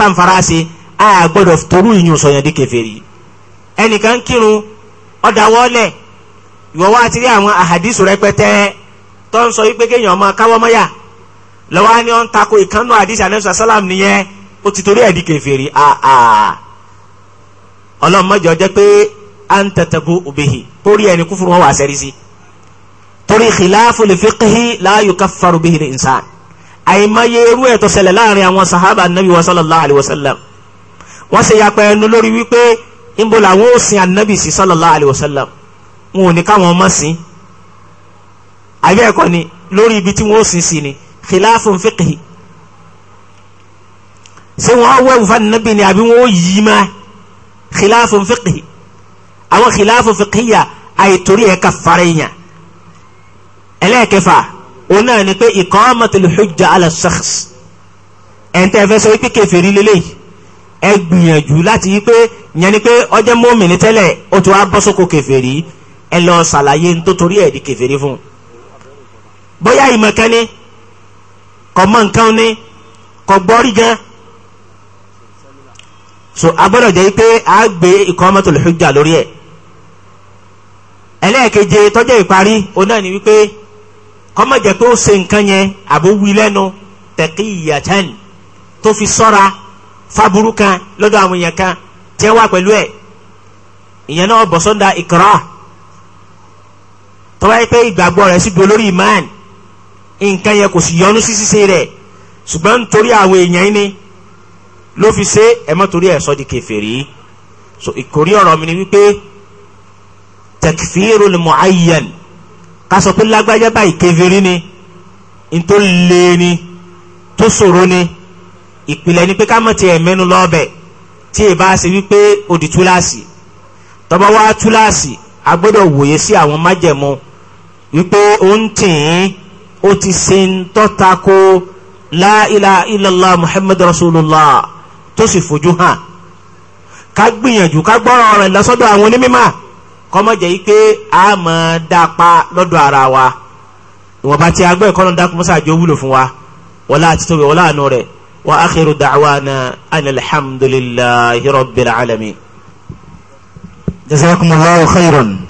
a gbọ́dọ̀ torú ìyún sọ̀yàn di kèfèrí ẹnìkan kírun ọ̀dàwọ́lẹ̀ ìwọ wá ti rí àwọn àhàdìsù rẹpẹtẹ tó ń sọ wípé kéèyàn máa káwọ́ mọ́yà lọ́wọ́ á ní ọ́n tako ìkànnù àdìsù anẹ́sọ̀ sálàm nìyẹn ó ti torí ẹ̀dí kẹfẹ́rì àà ọlọ́mọdé ọjọ́ pé à ń tẹ̀tẹ̀gó òbèhì torí ẹni kúfùrù wọn wà sẹ́rí sí torí khilafu li fiqhi la yukaffaru bihi ní insan àìmọye irú ẹ̀ tó ṣẹlẹ̀ láàrin àwọn sahaba anabi wa sallallahu níbo làwọn ó sin anabi sí sallallahu alayhi wa sallam wọn ò ní káwọn má sin àbí ẹ̀kọ́ ni lórí ibi tí wọ́n ó sin sí ni khilafun fiqhi ṣé wọ́n á wẹ̀wù fún anabi ni àbí wọ́n ó yí má khilafun fiqhi àwọn khilafun fiqhiya àìtórí ẹ̀ ká fara yàn ẹlẹ́ẹ̀kẹfà òun náà ni pé iqamatul hujja ala shakhs ẹ̀ ń tẹ́ fẹ́ sọ wípé kẹfẹ́ rí lélẹ́yìí ẹ gbìyànjú láti yí pé yẹn ni pé ọjẹ́ mọ́mìnì tẹ́lẹ̀ ó ti wá bọ́ sóko kèfèrí ẹ lọ ṣàlàyé ní tó torí ẹ̀ di kèfèrí fún un. bóyá ìmọ̀kan ni kò nǹkan ni kò gbọ́rí gan. so agbọ́dọ̀ jẹ́ pé a gbé iqamatul hujja lórí ẹ̀. ẹlẹ́ẹ̀keje tọ́jọ́ ìparí òun náà ni wípé kọ́mọ̀jẹ̀ pé ó ṣe nǹkan yẹn àbó wí lẹ́nu taqiyatan tó fi sọ́ra. So, faburu kan lọ́dọ̀ àwọn èèyàn kan tẹ́ wá pẹ̀lú ẹ̀ ìyẹn náà bọ̀ sọ́dà ìkọ́rà tọ́wá yẹ pé ìgbàgbọ́ rẹ̀ síbi olórí imán nǹkan yẹn kò sì yọnu sí ṣíṣe rẹ̀ ṣùgbọ́n nítorí àwọn èèyàn ni ló fi ṣe ẹ mọ́ torí ẹ̀ di kèfèrí so ìkórí ọ̀rọ̀ mi ni wípé takfirul muayyan ká sọ pé lágbájá báyìí kèfèrí ni ntó tó ṣòro ni ìpìlẹ̀ ni pé ká mọ̀ tiẹ̀ mẹ́nu lọ́ọ̀bẹ̀ tí ì bá ṣe wípé ó di túláàsì tọ́ba wá túláàsì a gbọ́dọ̀ wòye sí àwọn májẹ̀mú wípé ó ń tìǹ ó ti ṣe ń tọ́ta ko la ilaha illallah muhammad rasulullah tó sì fojú hàn ká gbìyànjú ká gbọ́rọ̀ rẹ̀ lọ́sọ́dọ̀ àwọn onímọ̀ kọ́mọ̀jẹ́ yìí pé a mọ̀ dápa lọ́dọ̀ ara wa ìwọ̀nba tí a gbọ́ ẹ̀kọ́ àjọ wúlò fún wa wọlá àti tóbi àánú rẹ̀ واخر دعوانا ان الحمد لله رب العالمين جزاكم الله خيرا